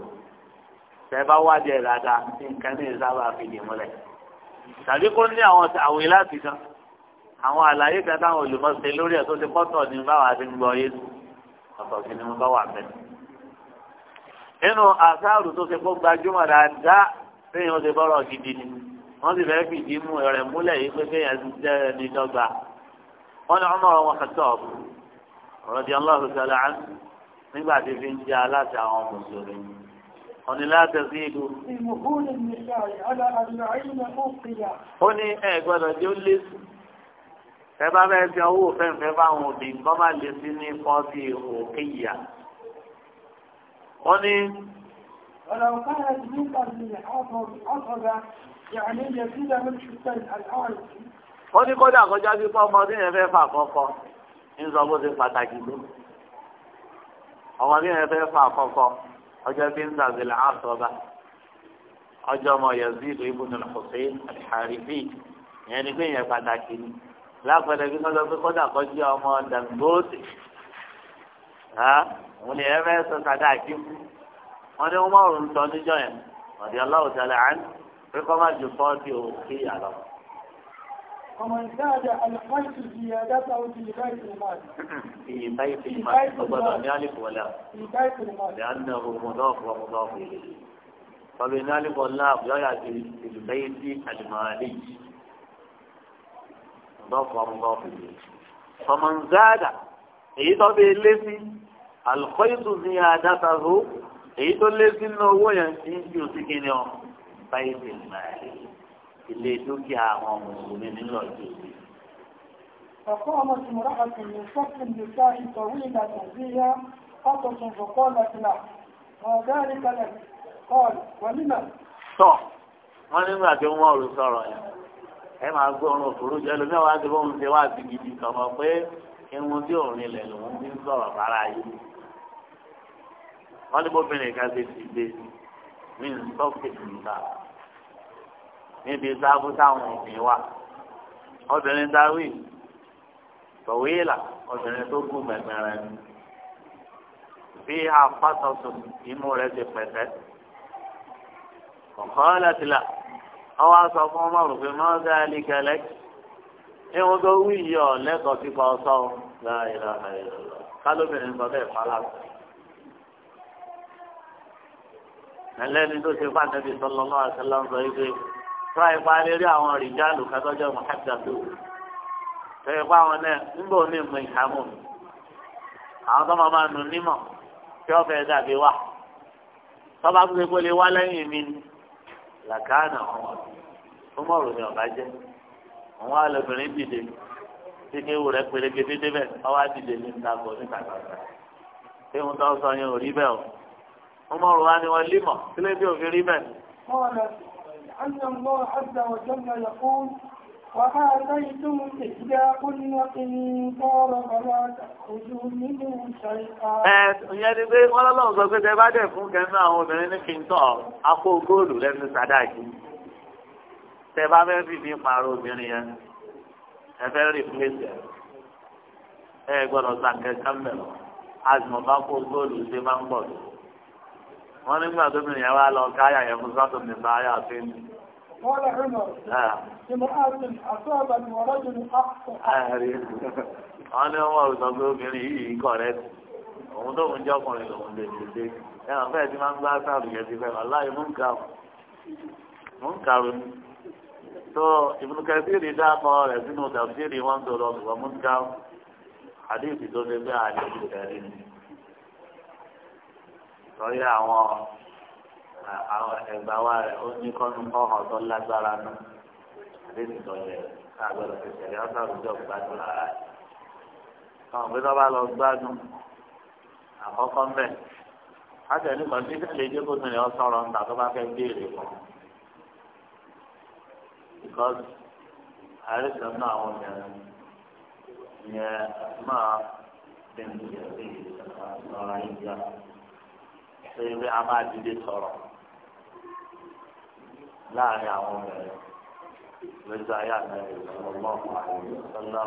tẹ bá wádìí ẹ̀ dáadáa nǹkan ní ìsábà fìdí múlẹ̀ tàbí kó ní àwọn àwìn láti kan àwọn àlàyé kan táwọn olùmọ̀ọ́sẹ̀ lórí ẹ̀ tó ti pọ́tọ̀ ní báwa ti ń gbọ́ yé ọ̀tọ̀ sí mo bá wà bẹ́ẹ̀. nínú àsáàrù tó ṣe kó gbajúmọ̀ dáadáa lẹ́yìn ó ti bọ́rọ̀ gidi ni wọ́n sì fẹ́ẹ́ fìdí mú rẹ̀ múlẹ̀ yìí pé kéèyàn ti jẹ́ ẹni dọ́gba. wọ́n ní ọmọ wọn kàtọ́ ọ̀rọ̀ di nígbà tí fi ń jẹ́ aláṣẹ àwọn mùsùlùmí ọ̀nì láti sí ìlú. ó ní ẹ gbọ́dọ̀ tí ó lé sí ẹ bá fẹ́ fi owó fẹ́ǹfẹ́ fáwọn òbí nǹkan bá lè sí ní fọ́ọ̀tì òkè ìyá. ó ní. ọ̀rọ̀ kan ẹ̀ ti ní kàbí ọ̀sọ̀dà yàrá ilé sílẹ̀ ló ti pẹ́ àlàáyé. ó ní kódà kọjá sí fọ́ọ̀mọdé yẹn fẹ́ fà kọ́kọ́ ń sọ bó ṣe pàtàkì lónìí ọmọ bí wọn fẹ́ fà kọ́kọ́ ọjọ́ bí ń dàbí làásọ̀ba ọjọ́ ọmọ yazid ibn al-hussein al-haribi ìyẹn ni pé ìyẹn pàtàkì ni lápẹẹrẹ bí kọ́jọ́ pé kọ́jà kọjá ọmọ dangote òun ni ẹ fẹ́ sọ sàdá àkí fún wọn ní wọn mọ̀ọ́rùn sọ níjọ́ yẹn ọ̀dẹ̀ ọlọ́wọ́ tẹ̀lé àánú pé kọ́ ju fọ́ọ̀tì òkè àlọ́. ومن زاد الخير زيادته في بيت المال في بيت المال فضل ذلك ولا في بيت المال لأنه مضاف ومضاف إليه فبذلك والله لا في البيت المالي مضاف ومضاف إليه فمن زاد إذا بالذي الخير زيادته إذا الذي هو ينتهي في بيت المال ilé dúkìá àwọn mùsùlùmí nílò ìjọ sí. فقامت امرأة من شكل النساء طويلة فيها قطس فقالت له ما ذلك لك؟ قال ولما؟ tọ́ wọ́n nígbà tí wọ́n rò sọ̀rọ̀ yẹn ẹ máa gbọ́rùn òfurú jẹ́ lómi àwọn àti bóun ṣe wá sí gidi tọmọ pé irun tí òun ilẹ̀ lòun ti ń sọ̀rọ̀ bára yìí wọ́n ní bóbìnrin kan ti ti gbé mi ń sọ́kè nígbà níbi sáfù táwọn òbí wa obìnrin dáwì tọ̀wéèlà obìnrin tó gùn mẹ̀mẹ̀rẹ̀ ni bí afásọ̀tò imú rẹ̀ ti pẹ̀tẹ́ ọ̀kọ́ lẹ́tìlá ọwọ́ aṣọ fún ọmọ rògbé mọ́tà ẹlẹ́gẹ̀lẹ́ ìwọ́n tó wí yìí ọ̀ lẹ́kọ̀ọ́ sí pa ọ̀sọ́ kálóbìnrin sọ bẹ́ẹ̀ fara ẹlẹ́ni tó ṣe fún àtẹ́bí sọlọ́mọ́ àṣẹlá ń sọ yìí fúra ipa lérí àwọn rìjálù kátọ́jọ́ mọ̀hájàdó fẹ́ẹ́ pa àwọn náà nígbà òní mọ ìhàmù àwọn tó máa máa nù nímọ̀ tí wọ́n fẹ́ẹ́ dàbí wà tọ́ba tó ṣe pé lè wá lẹ́yìn mi ni làkàánà ọmọ tó mọ̀rọ̀ ni ọ̀bá jẹ́ àwọn alẹ́bìnrin dìde tí kéwù rẹ̀ pèlékè dédé bẹ́ẹ̀ ọwọ́ dìde ní ìdàgbọ̀ níta gbàgbà tí wọ́n tó sọ yẹn ò rí bẹ́ẹ̀ o wọ́n mọ̀rọ̀ wá ni wọ́n límọ̀ sílẹ̀ tí òfin rí bẹ́ẹ̀. أن الله عز وجل يقول وآتيتم إحداهن قنطارا فلا تأخذوا منه شيئا. ìyẹn ni pé wọ́n lọ́wọ́ sọ pé tẹ́lá dẹ̀ fún kẹ́mí àwọn obìnrin ní kìntọ́ akó góòlù lẹ́nu sàdáàkì tẹ́lá fẹ́ fìdí pààrọ̀ obìnrin yẹn ẹ fẹ́ rí pílẹ̀sì ẹ gbọ́dọ̀ sàkẹ́ kámẹ́rọ̀ azùmọ̀ bá kó góòlù ṣe máa ń pọ̀ tó wọ́n nígbà tó mi yẹn wá lọ káyà yẹn fún sọ́tò mi bá yà sí ni. wọ́n ní wọ́n wọ́n sọ pé obìnrin yìí kọ̀ rẹ̀ òun tó ń jọkùnrin lòun lè dìde ẹ̀wọ̀n fẹ́ẹ̀ ti máa ń gbá sáàbù yẹn ti fẹ́ wà láì mú ń kàrú ni tó Ibn Kathir dáàmọ́ rẹ̀ sínú tàbí wọn tó lọ ṣùgbọ́n mú ń àdéhùn tó lé bẹ́ẹ̀ àdéhùn tẹ̀lé ni lórí àwọn àwọn wa rẹ̀ ó ní kọ́nù kọ́hàn tó lágbára nù àdéhùn tó yẹ káàgbọ́dọ̀ fi tẹ̀lé ọ́sà òjò gbádùn ara rẹ̀. àwọn òbí tó bá lọ gbádùn àkọ́kọ́ mbẹ́ àti ẹni kan tí ìfẹ́ lè dé kó tẹ̀lé ọ̀rọ̀ ńta tó bá fẹ́ béèrè fún un. because náà àwọn obìnrin yẹn máa bẹ̀rù ìyẹn lọ́ra yíyá ṣe é pé a máa dìde sọ̀rọ̀ láàrin àwọn obìnrin lójú ayé àná ìṣòro sọ́lá.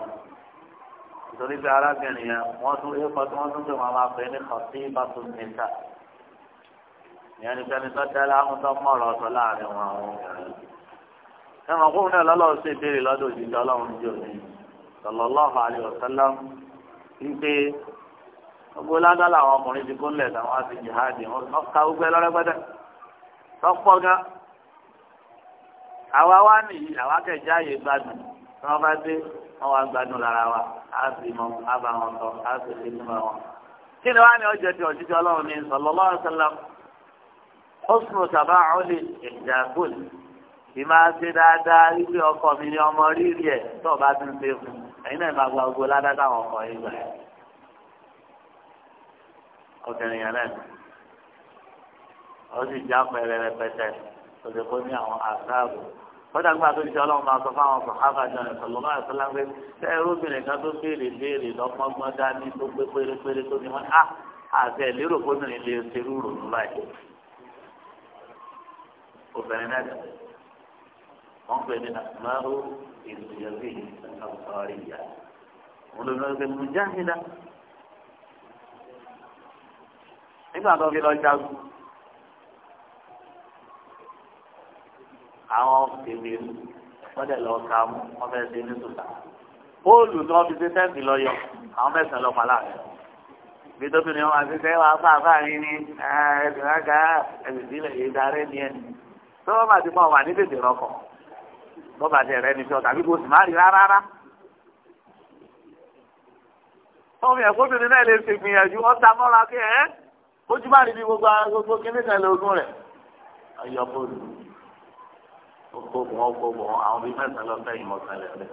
nítorí pé arábìnrin yẹn wọ́n tún éèpọ̀ tí wọ́n tún pè wọ́n máa pè ní kọ̀tí ìbátan níta. ìyẹn ni pẹ́ni tó dá láhùn tó mọ̀rọ̀ ọ̀tọ̀ láàrin wọn àwọn obìnrin. ẹ̀wọ̀n kóhùn náà lọ́lọ́run ṣe ìbéèrè lọ́dọ̀ òjijì ọlọ́run jù ní gbogbo ládá làwọn ọkùnrin ti kún lẹ̀ táwọn á ti jihadi wọn ká gbogbo ẹ lọ́rẹ́gbẹ́dẹ́ tọ́pọ̀ gan àwa wá nìyí àwa kẹjá yé gbádùn tí wọ́n bá dé wọ́n wá gbádùn lára wa á sì mọ á bá wọn tọ́ á sì fi nímọ̀ wọn. kí ni wàá ní ọjọ́ ti ọ̀jíjọ́ ọlọ́run ní sallallahu alaihi wasallam husnu tabauli ìjàkùn kì máa ṣe dáadáa wípé ọkọ mi ni ọmọ rírì ẹ̀ tó o bá ti ń ṣe fún ẹ̀yin náà máa ọkùnrin yẹn náà ó sì já pẹrẹ rẹpẹtẹ òdòkó ní àwọn àṣàbò kódà gba tó ti sọ ọlọ́run máa sọ fáwọn sọ̀hábà jọ ẹ̀ sọ̀lọ́ máa sọ láńgbé ṣé irúbìnrin kan tó béèrè béèrè lọ́gbọ́ngbọ́n dání tó gbé pérépéré tó ní wọn á ah, àti ẹ̀lérò kóbìnrin lè ṣerú ròdú báyìí. obìnrin náà wọ́n pè ní àtúmáhó ìlú yẹn bí ìsọ̀rọ̀ ìyá. olùdókòwò mujahida nígbà fi lọ jagun àwọn èmi wọ́n lọ ka mú wọ́n fẹ́ ṣe ní sùtà bóòlù tí wọ́n fi ṣe tẹ́ǹtì lọ yọ àwọn mẹ́sàn-án lọ pàlà rẹ̀ bí tóbi ni wọ́n máa fi ṣe wàá fà fà ní ní ẹ̀sìn lága ẹ̀sìn sílẹ̀ yìí darí ni ẹ̀ tó wọ́n máa ti mọ̀ wà ní tètè rọkọ̀ bọ́ba ti rẹ̀ ní fi ọ̀ tàbí sì má rí rárá ọmọ ẹ̀kọ́ obìnrin náà lè ṣègbìyànjú ọ̀tá mọ́ra kí ẹ̀ ojú bá rí bí gbogbo gbogbo kíní kan lóògùn rẹ̀ ayọ̀ bọ́ọ̀lù gbogbo wọn gbogbo àwọn bíi mẹ́sàn lọ fẹ́ ìmọ̀ kan lẹ́sẹ̀.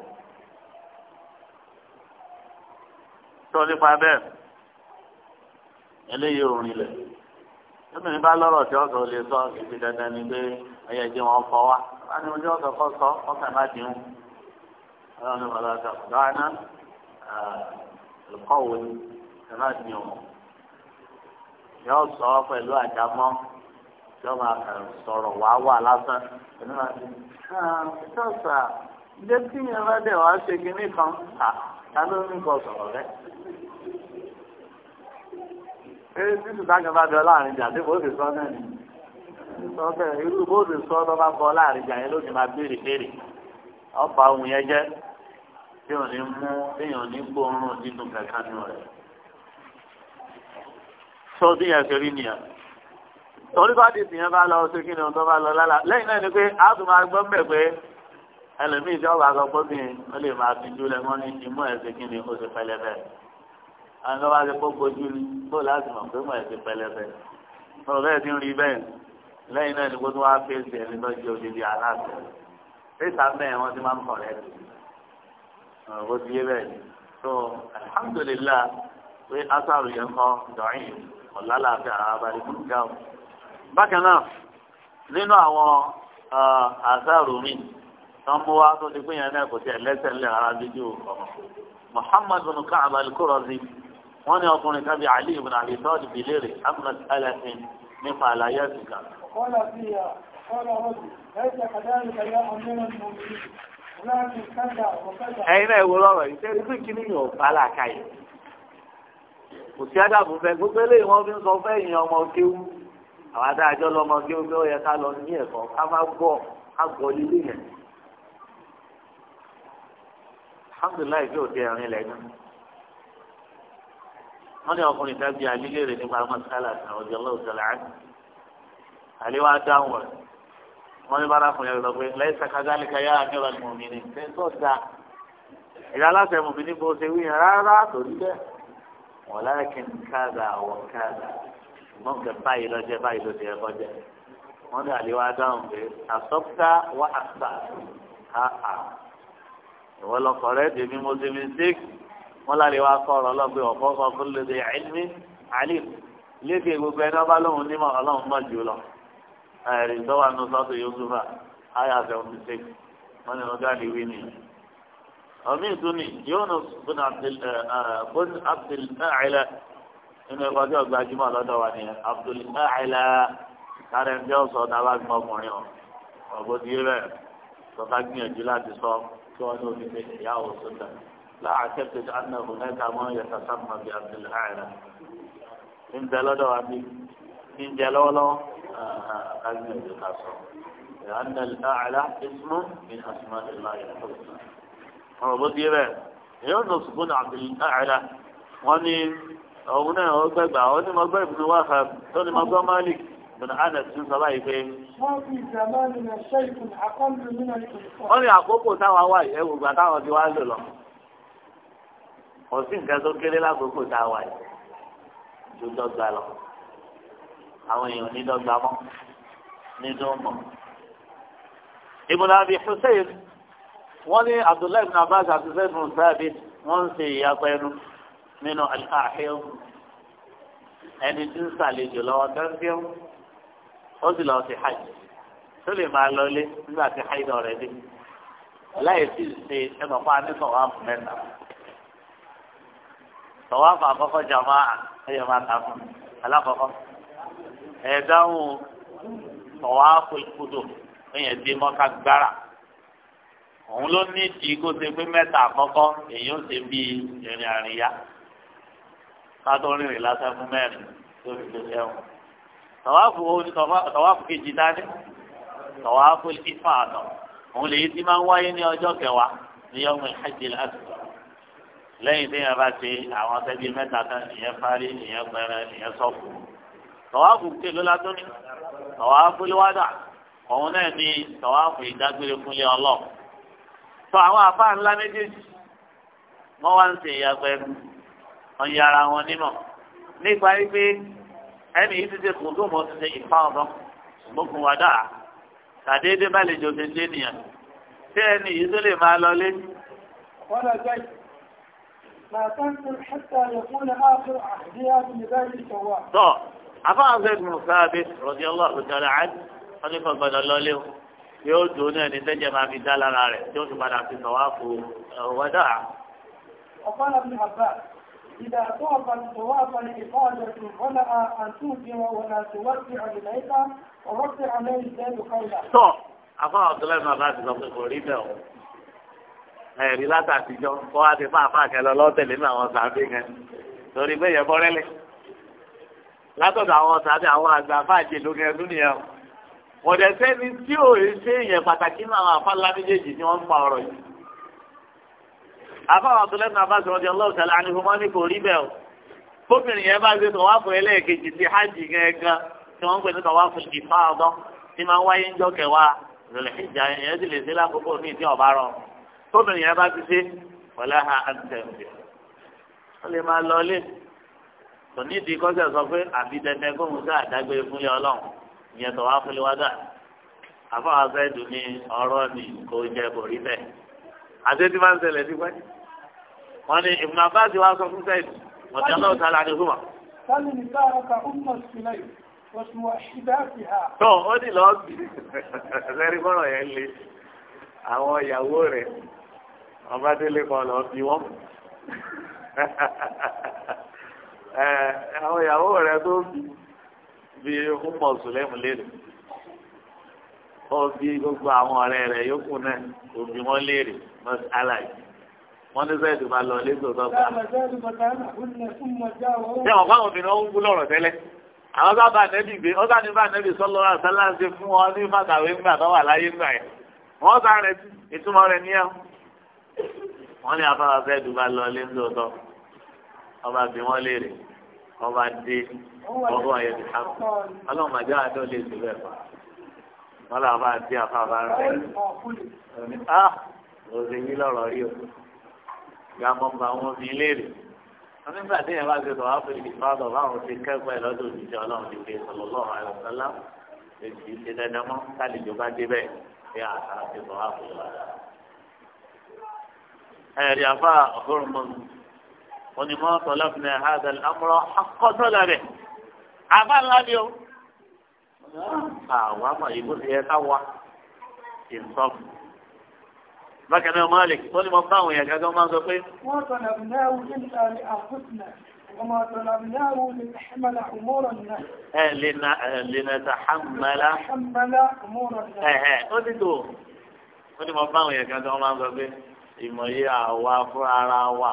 tó nípa bẹ́ẹ̀ eléyìí òrin lẹ̀ lóbìnrin bá lọ́rọ̀ tí ọ̀sán lè sọ ìfi dandan ni pé ẹyẹ jẹ́ wọn fọ wá wọn ni mo jẹ́ ọ̀sán kọ́ ọ̀sán má dín un ọlọ́run ní bàbá àgbà dáná ẹ̀kọ́ wo ni ẹ̀ má dín un. yóò sọ ọ pẹ̀lú àdámọ́ tí máa kàn sọ̀rọ̀ wá wà lásán ẹni máa ti sọ̀sà gini bá kan ah, ta ló ní kọ sọ̀rọ̀ rẹ̀. eré títí táwọn bá bẹ láàrin jà tí bóde sọ náà ni sọ́kẹ́ irú bóde sọ lọ́ bá bọ láàrin yẹn máa béèrè béèrè ohun yẹn jẹ́ tí ò ní mú tí ò ní gbóòórùn sọ bí yẹn ṣe rí nìyẹn torí bá dì tìyẹn bá lọ ṣe kí ni ọ̀tọ́ bá lọ lálá lẹ́yìn náà ni pé a tún máa gbọ́ mbẹ̀ pé ẹlòmíì tí ọba àgọ́ bóbìnrin ó lè máa fi júlẹ̀ mọ́ ní ìmú ẹ̀ ṣe kí ni ó ṣe pẹlẹbẹ àwọn tó bá ti kó gbojú ni bó láti mọ̀ pé mọ̀ ẹ̀ pẹlẹbẹ ọ̀rọ̀ bẹ́ẹ̀ ti ń rí bẹ́ẹ̀ lẹ́yìn náà ni kó tún fèsì ẹni tó jẹ́ òdìdí aláàbò pé asàrù yẹn kọ́ dọ̀yìn ọ̀làlàáfíà àbárí kùkà o. bákan náà nínú àwọn àṣàrò mi tán mú wa tó ti pín yẹn náà kò tiẹ̀ lẹ́sẹ̀ ńlẹ̀ ara dídí o ọ̀mọ̀. muhammad bin ka'ab al-qurazi wọ́n ní ọkùnrin kan bí ali ibn abi tọ́lì bí léèrè ahmed alasin nípa àlàyé ẹ̀sìn kan. kọ́lá sí i kọ́lá rọ́bì ẹ̀sẹ̀ kàdáyé kàyà ọmọ ẹ̀mọ́ mi ẹ̀yin náà ìwọ lọ́rọ̀ yìí tẹ́lifí kìíní yóò bá làákàyè kò sí ádàbò fẹ gbogbo eléyìí wọn fi ń sọ fẹ ìyẹn ọmọ kéwú àwọn adájọ́ lọmọ kéwú pé ó yẹ ká lọ ní ẹ̀kọ́ ká má gbọ́ ká gbọ́ lílé yẹn alhamdulilayi fi òde ẹrin lẹ́nu wọn ní ọkùnrin tàbí alílé rẹ nípa masala ọjọ lọsọlá àlewà dáhùn rẹ wọn ní bára fún yàrá lọ pé lẹ́yìn sàkágálì káyà àjọyọ̀ mọmìnì tẹsán dá ìyá aláṣẹ bó ṣe wí yẹn rárá torí bẹ́ẹ̀ walakin kaza wa kaza ṣùgbọ́n nǹkan báyìí lọ́jẹ́ báyìí ló ti ẹ̀ kọjá wọ́n ní àlè wa dáhùn pé àsọ́pútà wà àṣà àà ìwọ lọkọ rẹ tèmi mo ti mistake wọn lálẹ́ wa kọ́ ọ̀rọ̀ ọlọ́gbẹ́ ọ̀fọ́ kan fún lédè ẹ̀mí alim lédè gbogbo ẹni ọba lóhùn nímọ̀ ọlọ́run mọ̀ jù lọ ẹ̀rí tó wà nù sọ́tò Yusufa ayà seventy six àmì ìdúnì yónus bùn abdulmaala eh, eh, nínú ẹ̀kọ́ tí ọgbà jùmọ̀ lọ́dọ̀ wa ni abdulmaala kárẹ̀ ń bí ọ̀sọ̀ náà bá gbọ́ ọkùnrin o ọ̀gbọ́n ti yé bẹ́ẹ̀ tọ́ka gbìyànjú láti sọ kí wọ́n ní omi pé ìyá ò sọ́dà láàkẹ́tẹ̀ anna hunaka mọ́ yẹ̀sà sábà bí abdulmaala ń bẹ lọ́dọ̀ wa bí ń jẹ lọ́wọ́lọ́wọ́ ká gbìyànjú ká sọ. لأن الأعلى اسم من أسماء الله الحسنى àwọn bó ti rẹ èèyàn lọ ṣùgbọ́n àbẹ̀yìn àìlà wọn ni òun náà ó gbẹgbà ó ní mọgbẹ ìbùdó wà fà tó ní mọgbọ malik bùnà ánà tí ń sọ báyìí pé. wọ́n ní àkókò táwa wà yìí ẹ̀wù gbà táwọn ti wá lò lọ kò àwọn èèyàn ní dọ́gba mọ́ ní dùn ibùdó àbí hussein wọ́n ní abdullahi bin abbas àti zayd bin sabit wọ́n ń ṣe ìyapa ẹnu nínú àhẹ́wò ẹni tí ń ṣàlejò lọ́wọ́ tẹ́ńfíọ́n ó sì lọ́ọ́ sí hajj tó lè máa lọlé nígbà tí hajj rẹ̀ dé láì sí ṣe ẹnìkan anítọ̀wá fún mẹ́ta tọ̀wá fún àkọ́kọ́ jàmá ẹ̀yẹ máa ta fún alákọ̀ọ́kọ́ ẹ̀dáhùn tọ̀wá fún ìkúdò ẹ̀yẹ dé mọ́ká gbára òun ló ní ìdí kó ṣe pé mẹ́ta àkọ́kọ́ èyí ó ṣe bí ìrìn àríyá kátó rìnrìn lásán fún mẹ́rin tó fi lè sẹ́wọ̀n. tọ́wáfù oní tọ́wáfù kejì dání tọ́wáfù ìfọ̀ àtọ̀ òun lèyí tí máa ń wáyé ní ọjọ́ kẹwàá ní ọmọ ìhàjì láti lẹ́yìn tí yẹn bá ṣe àwọn sẹ́bí mẹ́ta tán ìyẹn parí ìyẹn pẹrẹ ìyẹn sọ́kù. tọ́wáfù kejì lọ́dún tọ́wáfù lọ́wọ́dà òun náà ní tọ́wáfù ìdágbére fúnlé ọlọ́ọ̀ sọ àwọn àfáà ńlá méjèèjì wọ́n wá ń ṣe ìyàgbẹ́ ọ̀yà ara wọn nímọ̀ nípa wípé ẹni yìí ti ṣe kò tó mọ̀ ti ìfá ọ̀dọ́ gbókun wà dáa tàdéédé bá lè jọ ṣe ṣe nìyẹn tí ẹni yìí tó lè máa lọ lé. wọ́n lọ jẹ́ tọ́ yóò dùn ní ẹni tẹ́jẹ̀ máa fi dá lára rẹ̀ tí ó ti padà fi sọ̀wá fún ọ̀wọ́dà. ọ̀pọ̀ إذا طوف الطواف لإقامة ولها أن تؤذن ولا توسع إليك ورد عليه ذلك خيرا. tọ́ afọ àbdùlẹ̀ náà bá ti sọ pé kò rí bẹ́ẹ̀ o ẹ̀rí látàtijọ́ kó wá ti fún àfáàkẹ́ lọ lọ́tẹ̀lẹ́ ní àwọn sàbí kan torí pé yẹn bọ́rẹ́lẹ̀ látọ̀dọ̀ àwọn sàbí àwọn àgbà fáàjì lórí ẹdún nìyẹn o ọ̀dẹ̀ sẹ́ni tí ò ń ṣe èèyàn pàtàkì náà àwọn afárá méjèèjì ni wọ́n ń pa ọ̀rọ̀ yìí. afáwọn abdullahi náà bá sọ̀rọ̀ di ọlọ́run tẹ̀lé ànífọ́ mọ́ ní kò rí bẹ́ẹ̀ o. bóbìnrin yẹn bá ṣe tọ̀wáfù ẹlẹ́ẹ̀kejì ti hajj gẹ́gẹ́ tí wọ́n ń pè ní tọ̀wáfù ìfáàdọ́ tí máa ń wáyé ń jọ kẹwàá lọ́lẹ̀ ìjà yẹn sì lè ṣe lákòókò ní ìdí ọ̀bá rọ yẹn bá ìyẹn tó wá fúnlé wá dà àfọwọ́ sẹ́ẹ̀dù ní ọ̀rọ̀ ni kò jẹ́ kò rí bẹ́ẹ̀ àti tí máa ń ṣẹlẹ̀ sí pẹ́ wọ́n ní Ibn Abbas wá sọ fún sẹ́ẹ̀dù mọ̀tí ọlọ́run ta la ní fún wa. tó ó ní lọ́ọ́ bì lẹ́rí bọ́rọ̀ yẹn le àwọn ìyàwó rẹ̀ ọba kan lọ́ọ́ bí wọ́n àwọn ìyàwó rẹ̀ tó bì bí ọmọ sùlẹ́mù léèrè ó bí gbogbo àwọn ọ̀rẹ́ rẹ̀ yókù náà kò bí wọ́n léèrè mọ́sí aláì wọ́n ní sẹ́ẹ̀dì máa lọ lẹ́gbẹ̀ẹ́ tó bá. ṣé ọ̀pá obìnrin ó ń gbú lọ́rọ̀ tẹ́lẹ̀ àwọn sábà nẹ́bí gbé ó sáà ní bá nẹ́bí sọ́lọ́ àṣálá ń ṣe fún wọn ní màkàwé ńgbà tó wà láyé ńgbà yẹn wọ́n sá rẹ̀ ìtumọ̀ rẹ̀ níyàwó wọ́n ní afárá sẹ́ẹ̀dì máa lọ lẹ́gbẹ̀ẹ́ tó ọba bí wọ́n léèrè ọba dé ọwọ́ ayé ti ká ọlọ́run màjá àdó lè ṣe bẹ́ẹ̀ fà wọ́n làwọn bá ti àfa bá ń rẹ̀ á ló ṣe yí lọ́rọ̀ rí o ìyá mọ́ bá wọn fi léèrè wọ́n nígbà tí ìyẹn bá ṣe sọ̀rọ̀ áfírí ìfọ́dọ̀ báwọn ti kẹ́kọ̀ọ́ ẹ̀ lọ́dọ̀ òṣìṣẹ́ ọlọ́run ti fi sọ̀rọ̀ lọ́rọ̀ àyọ̀sọ́lá èsì ṣe dandan mọ́ kálíjọ bá dé bẹ́ẹ̀ pé àṣà ti sọ̀rọ̀ áfírí wàdà. ẹ̀rí àfa ọ̀gọ́rùn-ún mọ́nu onímọ̀ sọ̀lá fún ẹ̀ àbá ńlá ni o àwọn àmọ̀ yìí bó ti yẹ ká wá ìsọfún bákan náà máa lè kó ní mọ bá àwọn èèyàn gẹ́gẹ́ máa sọ pé. wọ́n tọ̀nà bí náà wù ní ìtàlẹ̀ àkúsùnà ọmọ tọ̀nà bí náà wù ní tàhámàlà òmùrọ̀ náà. ẹ lè na tàhámàlà. tàhámàlà òmùrọ̀ náà. ẹ ẹ ó ti tó ó ní mọ bá àwọn èèyàn gẹ́gẹ́ máa sọ pé ìmọ̀ yìí àwa fúnra wa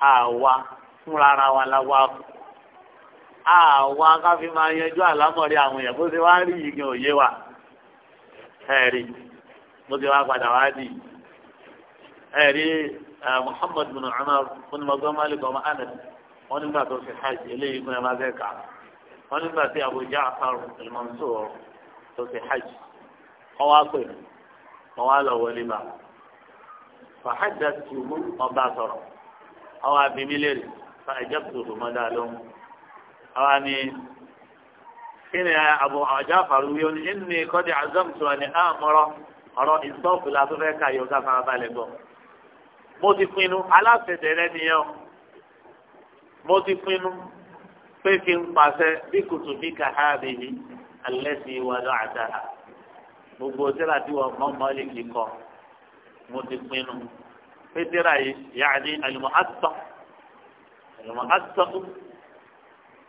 àwa fúnra wa la wá fún àwọn akáfí máa yanjú àlámọ̀rí àwọn èèyàn bó ṣe wá rí yìí gan òye wa ẹ̀rí bó ṣe wá padà wá dì ẹ̀rí Muhammad bin Umar fún mi gbọ́n Malik ọmọ Anas wọn nígbà tó ṣe hajj eléyìí fún ẹ máa fẹ́ kà wọn nígbà tí Abu Ja'far al tó ṣe hajj ọwọ́ àpè ọwọ́ àlọ́ wọlé bá fàájà tùmù ọba sọ̀rọ̀ ọwọ́ àbímí lérè fàájà tùmù mọ́dá lóhùn àwọn ni kí ni Abu Ja'far wí ó ní inni qad azamtu an amra ọ̀rọ̀ ìsọ́ọ̀fù la tó fẹ́ ká yọ ká fara balẹ̀ gbọ́. mo ti pinnu aláṣẹ̀dẹ̀ rẹ nìyẹn o mo ti pinnu pé kí n pàṣẹ bí kùtù bí ká ha bì í alẹ́ sí wa lọ gbogbo tíra tí wọn mọ mọ́lì kì mo ti pinnu pé tíra yìí yáa ní àlùmọ́ àtọ́ àlùmọ́ àtọ́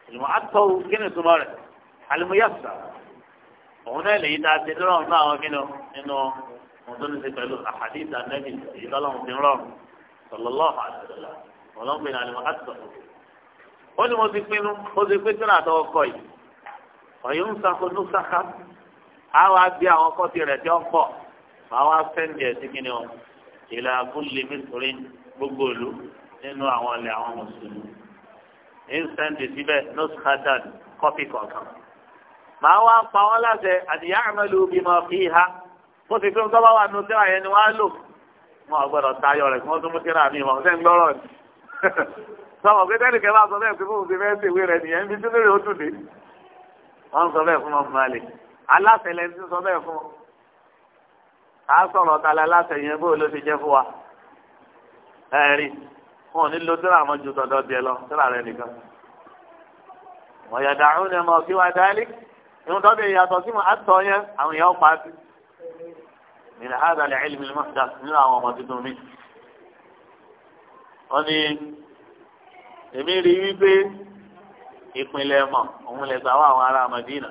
ìlùmọ̀ àtọ̀ kí ni ìtumọ̀ rẹ̀ àlùmọ̀yàsà òun náà lèyí tá a ti rọrùn náà àwọn kínú nínú ohun tó ní ṣe pẹ̀lú àhàdí ìdánẹ́bì èyí tọ́lọ́run ti rọrùn sallallahu alaihi wasallam ọlọ́gbìn àlùmọ̀ àtọ̀ ó ní mo ti pinnu ó ti pín sínú àtọwọ́ kọ yìí ọ̀yọ́ ń sako ní saka àwọn abí àwọn kọ́tì rẹ̀ tí ó pọ̀ àwọn afẹ́ǹdì ẹ̀ sí kínní o ìlà abúlé mi sọ̀rọ̀ gbogbo òlu nínú àwọn ilẹ̀ àwọn mùsùlùmí instant síbẹ̀ nuskhatan kọ́pì kọ̀ọ̀kan. màá wá pa wọ́n láṣẹ àdìyá àmàlù bímọ fi ha bó ti fi tọ́ bá wà nù síra yẹn ni wọ́n á lò wọn ò gbọ́dọ̀ tayọ rẹ̀ kí wọ́n tún mú síra mi wọn fẹ́ ń gbọ́rọ̀ ni. sọmọ pé tẹ́lẹ̀ kẹ́ bá sọ bẹ́ẹ̀ pé fóun ti fẹ́ ṣèwé rẹ̀ nìyẹn bí tún lórí ojú ni. wọ́n sọ bẹ́ẹ̀ fún ọmọ alẹ́ aláṣẹ lẹ́ni tún sọ bẹ́ẹ̀ fún ọ. a sọ̀rọ̀ ta la aláṣẹ yẹn bó ló ti jẹ́ fún wa. ẹ̀rí wọn ò ní lo tíra àwọn ju tọ̀dọ̀ tiẹ̀ lọ tíra rẹ nìkan. wọ́n yàda àwọn ẹ̀mọ́ kí wọ́n dálé ìwọ̀n tó bẹ̀ yàtọ̀ sí mu àtọ̀ yẹn àwọn èèyàn pa á sí. nínú àdá lè ẹ̀lì mímọ́ dà nínú àwọn ọmọ tuntun mi. wọ́n ní èmi rí wípé ìpínlẹ̀ mọ̀ òun lè sàwọ́ àwọn ará Madina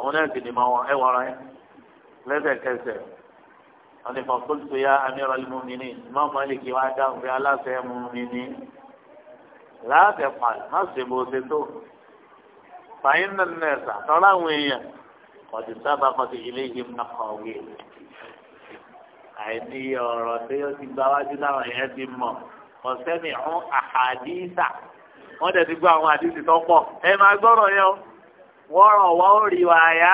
òun náà sì ní mọ́ wọn ẹ̀wọ̀n rẹ̀ lẹ́sẹ̀kẹsẹ̀ wọ́n ní ya tó yá amírọ̀ lùmùmíní mọ́mọ́ lè kí wá dáhùn pé aláṣẹ mùmíní láti pa má ṣe bó ṣe tó fàyín náà nẹ̀ẹ̀sà tọ́lá àwọn èèyàn kọ̀dù sábà kọ̀dù ilé yìí má kọ̀ wí. àìní ọ̀rọ̀ tí ó ti gba wájú láwọn èèyàn ti mọ̀ ọ̀sẹ́mi ọ̀hún àhàdíìsà wọ́n tẹ̀ ti gbọ́ àwọn àdìsí tó pọ̀ ẹ máa gbọ́rọ̀ yẹn wọ́rọ̀ wọ́ọ̀rì wàyà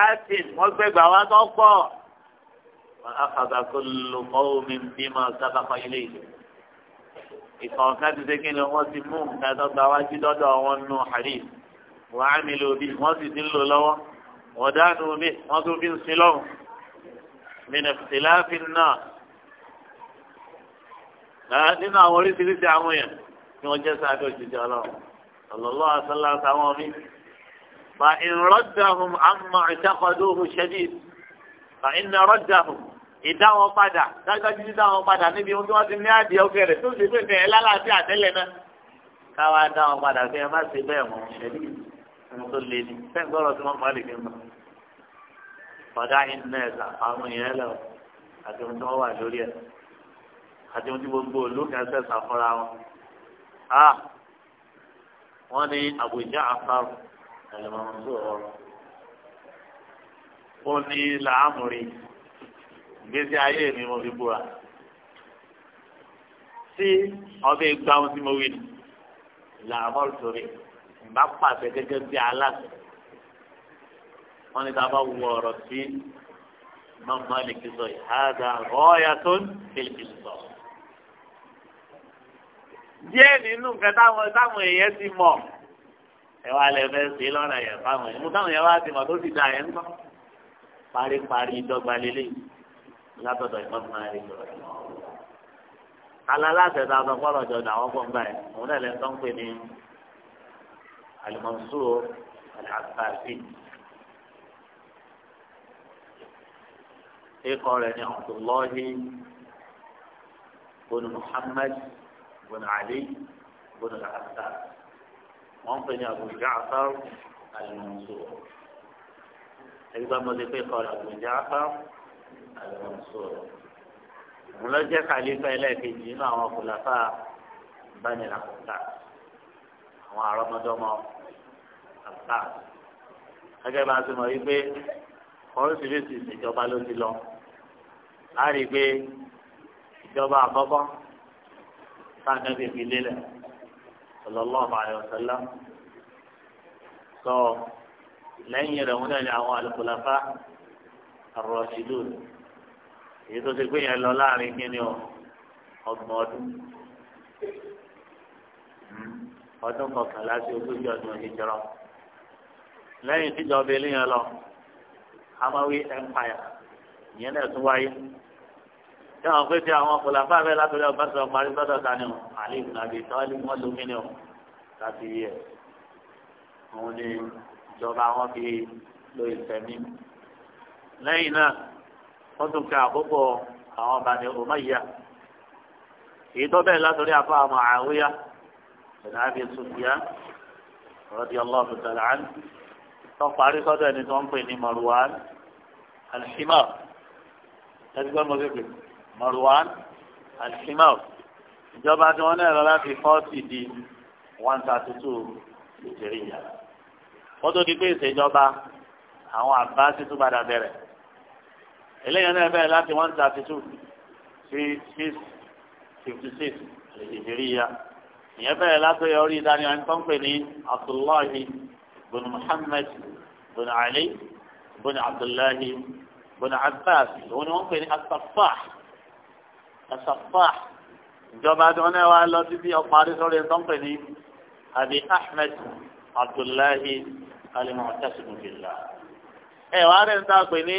wọ́n gbẹ̀gbà wá tó pọ̀. وأخذ كل قوم بما سبق إليه ìkọ̀ọ̀kan ti ṣe kí ni wọ́n ti mú nǹkan tó gba wájú lọ́dọ̀ wọn nù hadith wọ́n á nílò bí wọ́n sì ti ń lò lọ́wọ́ wọ́n dánú bí wọ́n tún fi ń sin lọ́wọ́ mìnàfìláfin náà nínú àwọn oríṣiríṣi àwọn èèyàn tí wọ́n jẹ́ sáré òjijì ọlọ́run ọ̀lọ́lọ́ àṣọlá àtàwọn mi. fa ìrọ̀dàhùn àmọ̀ ìṣàkọ̀dọ̀ òhùn ṣẹ́dí fa ìnà rọ̀dàhùn ìdá wọn padà dájúdájú dídá wọn padà níbi ohun tí wọ́n ti ní adìẹ ọkẹ rẹ̀ tó ṣe pé fẹ́ ẹ lálàáfíà àtẹ́lẹ̀ náà káwá dá wọn padà fẹ́ ẹ má ṣe bẹ́ẹ̀ mọ́ ẹ̀rí ohun tó le ni fẹ́ gbọ́dọ̀ tí wọ́n parí kí n mọ̀ ọ̀dà ìnẹ́ẹ̀sà àwọn èèyàn lọ àti ohun tí wọ́n wà lórí ẹ̀ àti ohun tí gbogbo olókè ẹsẹ̀ sàfọ́ra wọn. wọ́n ní àbújá afárò ẹ̀lẹ́mọ̀ gbèsè ayé mi mo fi búra tí ọbẹ̀ gba ohun tí mo wí ni làwọn sórí ìbá pàṣẹ gẹ́gẹ́ bí aláṣẹ wọn ní ká bá wọ ọ̀rọ̀ sí mọ́mọ́ ní kí sọ ìhádà ọ̀ọ́yà tó ń tẹ̀lé sọ. díẹ̀ nínú nǹkan táwọn táwọn èèyàn ti mọ̀ ẹ wá lẹ fẹ́ sí lọ́nà yẹn fáwọn èèyàn mú táwọn yẹn wá ti mọ̀ tó sì dá yẹn ń gbọ́ paríparí dọ́gba lélẹ́yìn látọ̀dọ̀ ìmọ̀tò máa rí ìjọba ìmọ̀ alaláṣẹ tá a sọ fọlọ jọ ní àwọn gbọǹgbà yẹn òun náà lẹsọ ń pè ní alimọsúrò alàgbàsí ikọ rẹ ní abdullahi bonu muhammad bonu ali bonu alàgbà wọn pè ní abu jaafar alimọsúrò ẹgbẹ́ mọ́tò ikọ̀ rẹ abu jaafar al-Mansur òun ló jẹ́ khalifa ẹlẹ́ẹ̀kejì nínú àwọn khulafa Bani al-Abbas àwọn àrọ́mọdọ́mọ Abbas gẹ́gẹ́ bá a ti mọ̀ wípé oríṣiríṣi ìṣèjọba ló ti lọ a rí i pé ìjọba àkọ́kọ́ sáà ní fi lélẹ̀ sallallahu alaihi wasallam sọ lẹ́yìn rẹ̀ wọ́n náà ní àwọn al-khulafa ar èyí tó ṣe pé lọ láàrin kíni o ọgbọ̀n ọdún hmm. ọdún kọkànlá sí ogójì ọdún ìjọra lẹ́yìn tíjọba eléyàn lọ Hamawi empire ìyẹn náà tún wáyé tí wọn pèsè àwọn kòlàfà bẹ́ẹ̀ látọ̀dọ̀ ọbaṣọ parí sọ́dọ̀ sani o àlè ibùdó àbí tọ́lí wọn ló kíni o láti yẹ òun ni ìjọba wọn fi lo ìfẹ̀mí lẹ́yìn náà wọ́n tún ka àkókò àwọn Bani Umayya èyí tó bẹ́ẹ̀ látọ̀rí àfa Muawiya bin Abi Sufyan radiyallahu ta'ala anhu tó parí sọ́dọ̀ ẹni tó ń pè ní Marwan al ẹgbẹ́ mo ti pè Marwan al ìjọba tí wọ́n náà rọ láti fọ́ọ̀tì di one thirty two ìjẹ́rìíyà wọ́n tó di pé ìṣèjọba àwọn àbá títún padà bẹ̀rẹ̀ eléyàn náà bẹ̀rẹ̀ láti one thirty two sí six fifty six ìjìríya ìyẹn bẹ̀rẹ̀ láti orí ìdáni àwọn tó ń pè ní abdullahi bin muhammad bin ali bin abdullahi bin abbas òun ni wọ́n pè ní asafah asafah ìjọba tí wọ́n náà wá lọ títí ọkọ̀ àdìsọ́rẹ́ tó ń pè ní abi ahmed abdullahi alimọ̀tẹ́sìmùfìlà ẹ̀ wá rẹ̀ ń ta pè ní.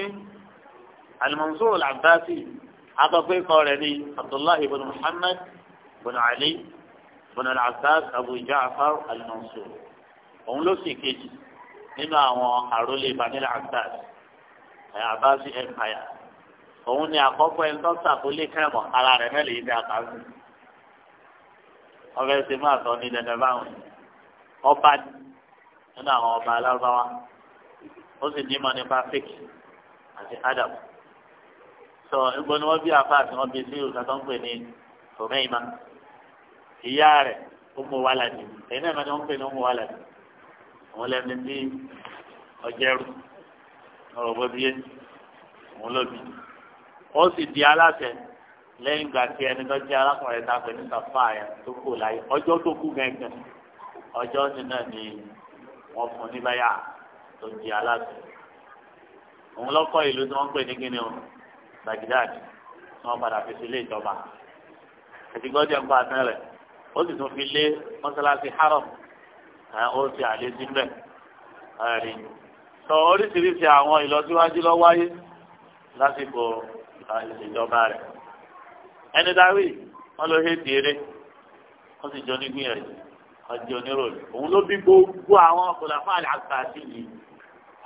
Al-Mansur al-Abbasi akọ̀pẹ́ kọ́ rẹ̀ ní Abdullahi ibn Muhammad ibn Ali ibn al-Abbas Abu Ja'far al-Mansur òun ló sì kejì nínú àwọn àrólé banil Abbas Abbasi empire òun ni àkọ́kọ́ ẹni tó sàkólé kẹ́mọ̀ ara rẹ̀ mẹ́lẹ̀ yìí ní àkàzù ọbẹ̀ ṣe máa tọ́ ní dandan báwọn ọba nínú àwọn ọba alárúbáwá ó sì ní mọ̀ nípa fíkì àti adam sọ egbò ni wọ́n bí afa àti wọ́n bí sí òkà tó ń pè ní tòmẹ́ìmá ìyá rẹ̀ ọmọ wa làdì ẹ̀yin náà ni wọ́n ń pè ní ọmọ wa làdì àwọn lẹ́ni tí ọjẹ́rù ọ̀rọ̀ bọ́bíyé òun ló bí ó sì di aláṣẹ lẹ́yìn ìgbà tí ẹni tó jẹ́ arákùnrin ta pé ní sàfáà tó kù láyé ọjọ́ tó kù gẹ́gẹ́ ọjọ́ sì náà ni wọ́n fún níbáyà tó di aláṣẹ òun lọ́kọ́ ìlú tí wọ́n pè ní kíni o. Baghdad tí wọ́n padà fi sí ilé ìjọba àti gbọ́dọ̀ ń bá àtẹ́ rẹ̀ ó sì tún fi lé mọ́sálásí haram ó ti àlè síbẹ̀ ẹ̀rí sọ oríṣiríṣi àwọn ìlọsíwájú lọ wáyé lásìkò ìṣèjọba rẹ̀ ẹni dáwì wọn ló hétí eré wọn sì jọ nígbìyànjú ọjọ́ oníròyìn òun ló bí gbogbo àwọn ọkùnrin àbáṣí yìí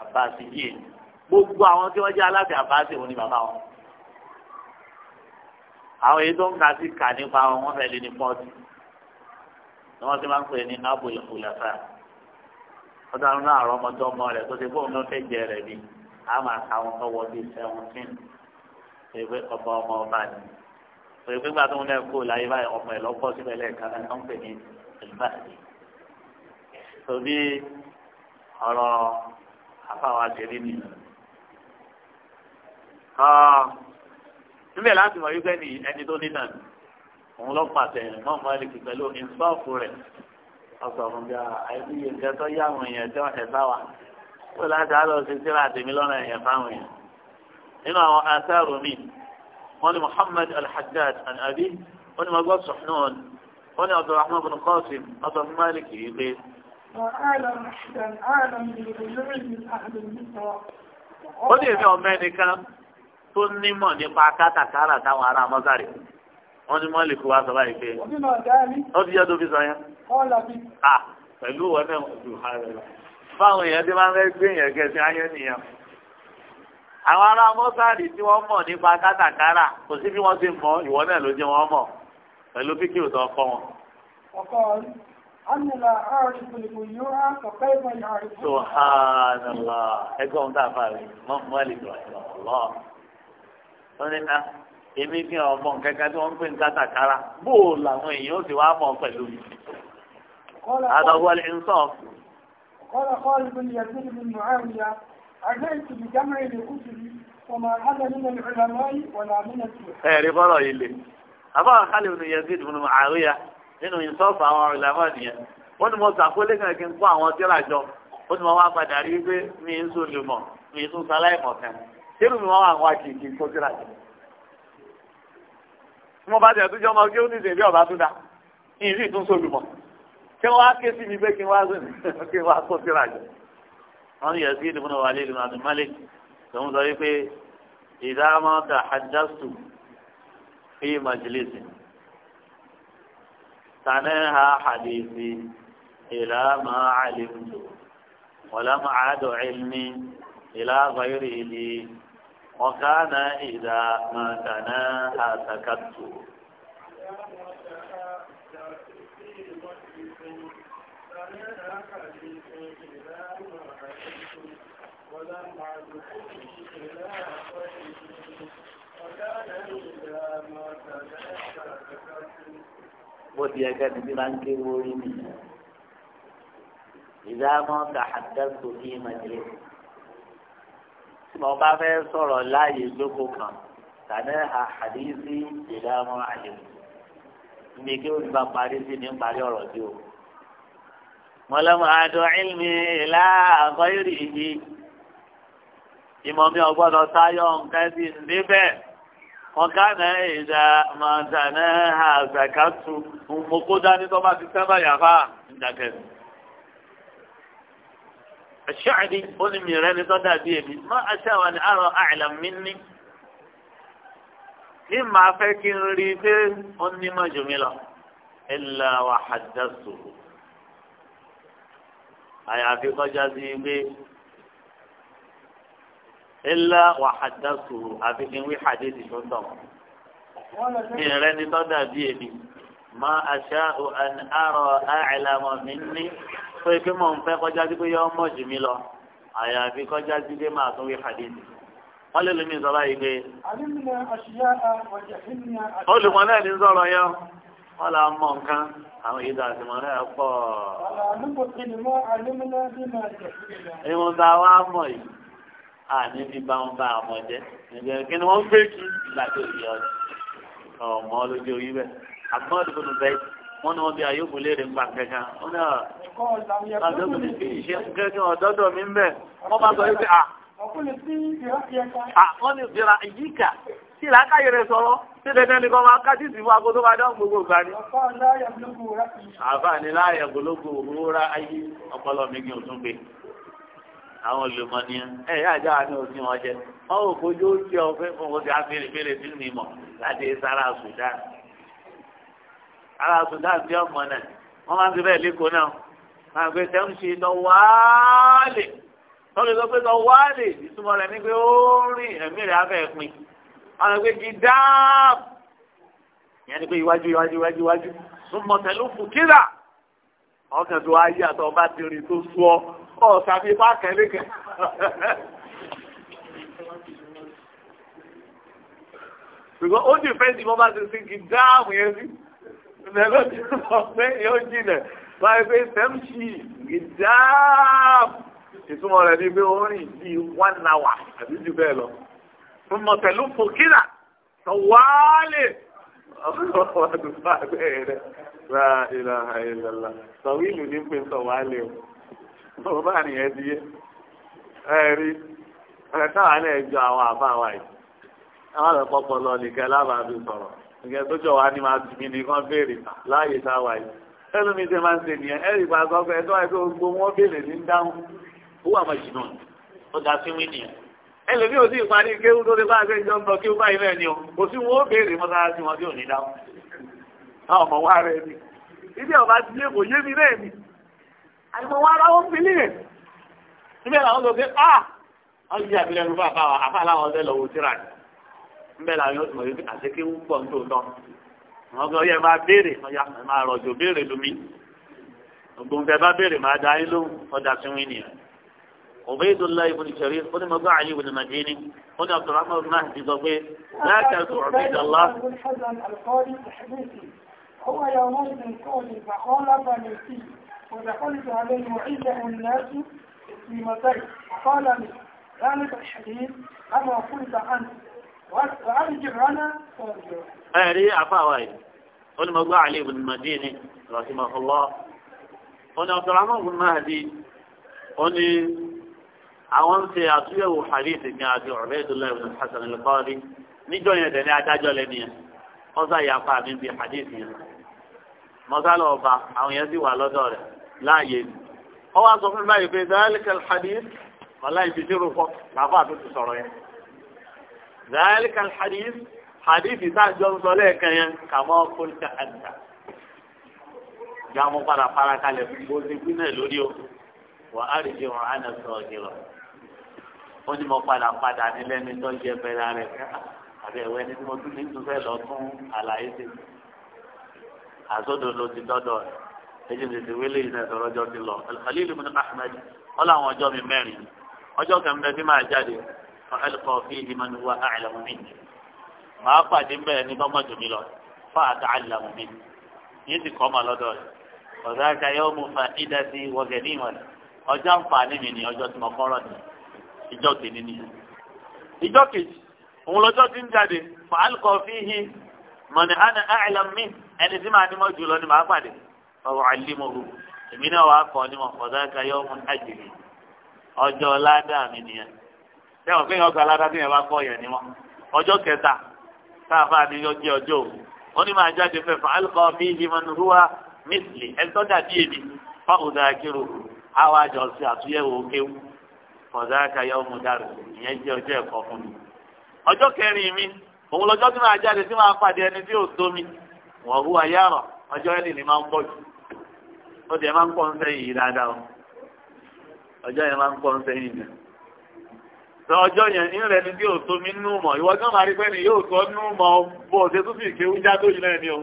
àbáṣí yìí gbogbo àwọn tí wọ́n jẹ́ aláṣẹ àbáṣí òun ni bàbá wọn àwọn èyí tó ń ka sí kà nípa wọn wọn fẹ́ẹ́ lé ní pọ́ọ̀tì ni wọ́n ti máa ń pè ní abul khulafa ọ̀daràn náà àrọ́ ọmọdé ọmọ rẹ̀ tó ti bóun ló fẹ́ jẹ rẹ̀ bí a máa ka wọn tó wọ bíi seventeen pèpè ọba ọmọ ọba ni pèpè gbà tó ń lẹ́ láyé báyìí ọmọ ẹ̀ lọ́pọ̀ síbẹ̀ lẹ́ẹ̀kan náà ń pè ní ìbáàdì tòbí ọ̀rọ̀ àfàwọn nìyẹn níbẹ̀ láti mọ̀ wípé ní ẹni tó ní náà òun lọ pàṣẹ rẹ̀ mọ́ mọ́ ẹlẹ́kì pẹ̀lú ìsọ́ọ̀fù rẹ̀ ọ̀sọ̀ ọ̀run bí àìsí ìjẹ́ tó yá àwọn èèyàn jẹ́ ọ̀sẹ̀ bá wa ó láti á lọ sí síra àtẹ̀mí lọ́nà èèyàn fáwọn èèyàn nínú àwọn asáàrù mi wọ́n ní Muhammad al-Hajjaj an abi wọ́n ní magbọ́ sọ̀hún wọ́n ní bin Qasim ọ̀sọ̀ fún Málìkì yìí pé. ó ní èmi ọ̀mẹ́ni kan tó nímọ̀ nípa kátàkárà táwọn ará mọ́sàrì wọ́n ní mọ́lì kó wá sọ báyìí pé ó ti jẹ́ tó fi sọ yẹn. ah pẹ̀lú wọn náà ju ara rẹ̀ fáwọn èèyàn tí wọ́n fẹ́ gbé yẹn kẹsì ayé nìyẹn. àwọn ará mọ́sàrì tí wọ́n mọ̀ nípa kátàkárà kò sí bí wọ́n ti mọ̀ ìwọ náà ló jẹ́ wọ́n mọ̀ pẹ̀lú fíkì òtọ́ ọkọ wọn. ọkọ anila ari kulikun yóò hàn kọkọ ìmọ̀ ìhàrí. subhanallah ẹgbẹ́ ohun tá a fà rí mọ́ mọ́lì wọ́n ní ah èmi fi hàn ọmọ kankan tí wọ́n ń pè ní kátàkárà bóò làwọn èèyàn ó sì wá mọ̀ pẹ̀lú mi. àtọ̀wọ́ ń sọ. قال خالد بن يزيد بن معاوية أتيت بجمع لكتبي وما هذا من العلماء ولا من السلف. إيه ربنا يلي. أبا خالد بن يزيد بن معاوية nínú ìsọ́ọ̀fù àwọn ìlànà nìyẹn wọ́n ní mo sàkólé kan kí n kó àwọn tíra jọ ó ní mo wá padà rí pé mi ń sọ lùmọ̀ mi ń sọ sáláì mọ̀kan kérù mi wọn wà wá kì í kì í kó síra jù tí mo bá tẹ̀ tójú ọmọ kí ó ní ìdèbí ọ̀bá tó dá ìrírí tó ń sọ̀rọ̀ kí wọ́n á ké sí mi pé kí wọ́n á sọ kí wọ́n á kó síra jù wọ́n yẹ sí ìdìbò náà wà lé ìdìbò àdùn málẹ̀ tòun sọ wípé ìdáàmọ́ ta àjásù fi màjìlísì tànẹ́hà àdìsí ìlàmà àlìmù wọ́n lámà àádọ́ ẹ̀mí ìlà àgbáyé rèé وكان إذا ما تناهى سكت bó ti yẹ kẹ́ni bí máa ń ké wórí mi ìdá mọ́ ta àdá sókè máa jẹ́ mo bá fẹ́ sọ̀rọ̀ láàyè lóko kan tàbí àhàdísí ìdáhùn àyẹ̀wò ní kí ó ti bá parí sí ní parí ọ̀rọ̀ tí o. wọ́n lọ́mọ àdó ìlmi ìlà àgọ́ ìrìhì ìmọ̀ mi ò gbọ́dọ̀ sáyọ̀ nǹkan sí níbẹ̀ wọn ká náà ìdá màdà àzàkátù mo kó dání tó bá ti sábà yàrá ìdàkẹ́sì. الشعبي قل ميراني صدى بيبي ما أشاء أن أرى أعلم مني مما فكر ريفه أني ما جملة إلا وحدثته أي في قجازيبي إلا وحدثته أفكر وي حديثي شنطم ميراني صدى بيبي ما أشاء أن أرى أعلم مني fún ife mọ̀ ń fẹ́ kọjá sí pé yọ ọmọ jù mí lọ àyàfi kọjá sí pé máa tún wí hadithi wọ́n lè lómi sọ báyìí pé. olùmọ̀ náà ní sọ̀rọ̀ yọ wọ́n là ń mọ̀ nǹkan àwọn èyí tàbí náà pọ̀. ìwọ̀n tá a mọ̀ yìí a ní fi bá wọn bá a jẹ́ nígbà kí ni wọ́n fẹ́ kí ìgbà tó yọ ọmọ lójú orí bẹ́ẹ̀ àgbọ̀n tó tó bẹ́ẹ̀ wọ́n ní wọ́n bí ayé ògùn léèrè ń pa kankan wọ́n náà àti ògùn ní iṣẹ́ ah, kankan ọ̀dọ́dọ̀ mi ń bẹ̀ wọ́n bá sọ wípé à wọ́n ní ìbíra ìyíkà tí ìlàkàyè rẹ̀ sọ̀rọ̀ tí dandan ni kọ́ máa ká sí ìsìnkú ago tó bá dán gbogbo ìgbà ni. àfààní láàyè gbólógbò rúra ayé ọpọlọ mi kì í tún gbé àwọn olùmọ̀ ni ẹ yá àjọ àní òsín wọn jẹ wọn ò fojú ó jẹ ọ̀fẹ́ fún wọn ti á fèrè fèrè sínú láti sára sùdán ara sudan bí ọmọ náà wọ́n máa ń gbé bẹ́ẹ̀ lẹ́kọ̀ọ́ náà máa ń gbé tẹ́ǹsì lọ wáálè tọ́lú sọ pé lọ wáálè ìtumọ̀ rẹ̀ ní pé ó rìn ẹ̀mí rẹ̀ abẹ́ pin àwọn ẹgbẹ́ ti dáàm ìyẹn ni pé iwájú iwájú iwájú iwájú súnmọ́ tẹ̀lú fùkírà ọkàn tó ayé àtọ̀ ọba ti rìn tó sú ọ ọ sàbí bá kẹ́lẹ́kẹ́. ṣùgbọ́n ó dìfẹ́ǹsì bọ́ bá ti sí kí yẹn sí ìbẹ̀rẹ̀ ti sọ pé yóò jìnà báyìí pé sẹ́mṣì ìdáàbò ìtumọ̀ rẹ̀ ni pé ó rìn bíi one hour àbí jù bẹ́ẹ̀ lọ. mo mọ̀ pẹ̀lú fòkìlà sọ wáálè ọ̀dùnfà bẹ́ẹ̀ rẹ̀ rà ìlà àìlàlà sọ wíìlù ní pé sọ wáálè o mo bá nìyẹn ti yé ẹ rí ẹ káwa náà jọ àwọn àbá wa yìí àwọn àlọ́ pọpọ lọ nìkan lábàá fi sọ̀rọ̀ ìgbẹ́ tó jọ wá ní máa tì mí ní kán béèrè láàyè tá a wà yìí ẹnu mi ṣe máa ń ṣe nìyẹn ẹ̀rì pa sọ́kọ̀ ẹ̀ tó wáyé tó gbogbo wọn béèrè ní dáhùn ó wà mọ̀ jìnnà ó ga sí wí nìyẹn ẹlòmí ò sí ìparí kéwú tó lè bá àgbẹ̀ ìjọ ń lọ kéwú báyìí náà ni o kò sí wọn ó béèrè mọ́sálásí wọn tí ò ní dáhùn àwọn ọmọ wa rẹ ni ilé ọba ti lé kò yé mi náà ni àìmọ̀ wa ara ó fi léè níbẹ̀ làwọn sọ ah wọ́n ti jẹ́ àbílẹ̀ nípa àbáwá àbá làwọn ọ̀sẹ̀ lọ́wọ́ síra ńbẹ làwọn yóò tún wọlé àtẹkẹ ń pọ nítorí náà wọn gbọ yẹ máa béèrè ọyà máa rọjò béèrè lómi ògùn fẹ bá béèrè máa da yín lóhùn ọjà tí wọn nìyẹn òbẹ́yìdó ńlá ibùn ìṣẹ̀rí ó ní mo gbọ́ àyè ibùn màdínì ó ní abdulrahman ibùn náà ti sọ pé láàkàtú ọ̀bẹ́dàlá. هو يومئذ كوني فخالفني فيه ودخلت عليه وعنده الناس في ẹ̀rí àfáwà yìí ó ní mo gbọ́ àlè ibùdó mọ̀dínì rahimahullah ó ní ọ̀sọ̀rọ̀ àwọn ògùn náà di ó ní àwọn ń ṣe àtúnyẹ̀wò hadith ní àti Ubaydullah ibn Hasan al-Qadi níjọ́ yẹn tẹ̀lé adájọ́ lẹ́nu yẹn wọ́n sá ìyá apá mi bí hadith yẹn mọ́sálà ọba àwọn yẹn sì wà lọ́dọ̀ rẹ̀ láàyè ni wọ́n wá sọ ذلك الحديث حديث تاجون صليك ين كما قلت أنت جامو قرا قرا قال بوزي بنا لوريو وأرجع أنا صاغرا wọ́n ní mo padà padà ní lẹ́ni tó jẹ bẹ̀rẹ̀ rẹ̀ ká àbí ẹ̀wẹ́ ní mo tún ní tún fẹ́ lọ fún àlàyé sí i àsọdò ló ti dọ́dọ̀ rẹ̀ ẹ̀jẹ̀ tètè wílé yìí náà lọ́jọ́ ti lọ Al-Khalil ibn Ahmad ọ̀làwọn ọjọ́ mi mẹ́rin ọjọ́ kan bẹ́ẹ̀ tí máa jáde فألقى فيه من هو أعلم مني ما قد بني ضم جميلا فأتعلم منه يدك وما لدول ọjọ́ ni ọjọ́ tí mo fọ́rọ̀ ni ìjọ kìíní ni ìjọ kejì òun lọ́jọ́ tí ń jáde fàálùkọ́ fíhí mọ̀nì mi ẹni tí màá ni màá pàdé sẹ́wọ̀n pé yẹn ọgbà aládàá bíyẹn bá kọ́ yẹn ni wọ́n ọjọ́ kẹta sáfà àdéjọ́ jẹ́ ọjọ́ òru ó ní máa jáde fẹ́ fà álùkọ́ bí ìhìmọ̀nùrúwà mísìlì ẹ̀ńtọ́jà bí èmi fáwọdà akérò àwọn àjọ sí àtúnyẹ̀wò kéwù kọ̀dà káyọ̀ ọmọdàrú ìyẹn jẹ́ ọjọ́ ẹ̀kọ́ fún mi. ọjọ́ kẹrin mi òun lọ́jọ́ tí máa jáde tí máa pàdé ẹni tí ò tó mi wọ́n hu ayárọ̀ ọjọ́ ẹni ni máa ń pọ̀ jù ó dẹ̀ máa ń pọ̀ ń sẹ́yìn yìí dáadáa ọjọ́ yẹn máa ń pọ̀ ń sẹ́yìn sọ ọjọ́ yẹn ní rẹ̀ ní bí ò tó mi nú mọ̀ ìwọ gan máa rí pé yóò tọ́ nú mọ̀ bó ṣe tún fi kéwú já tó yìí lẹ́ni o.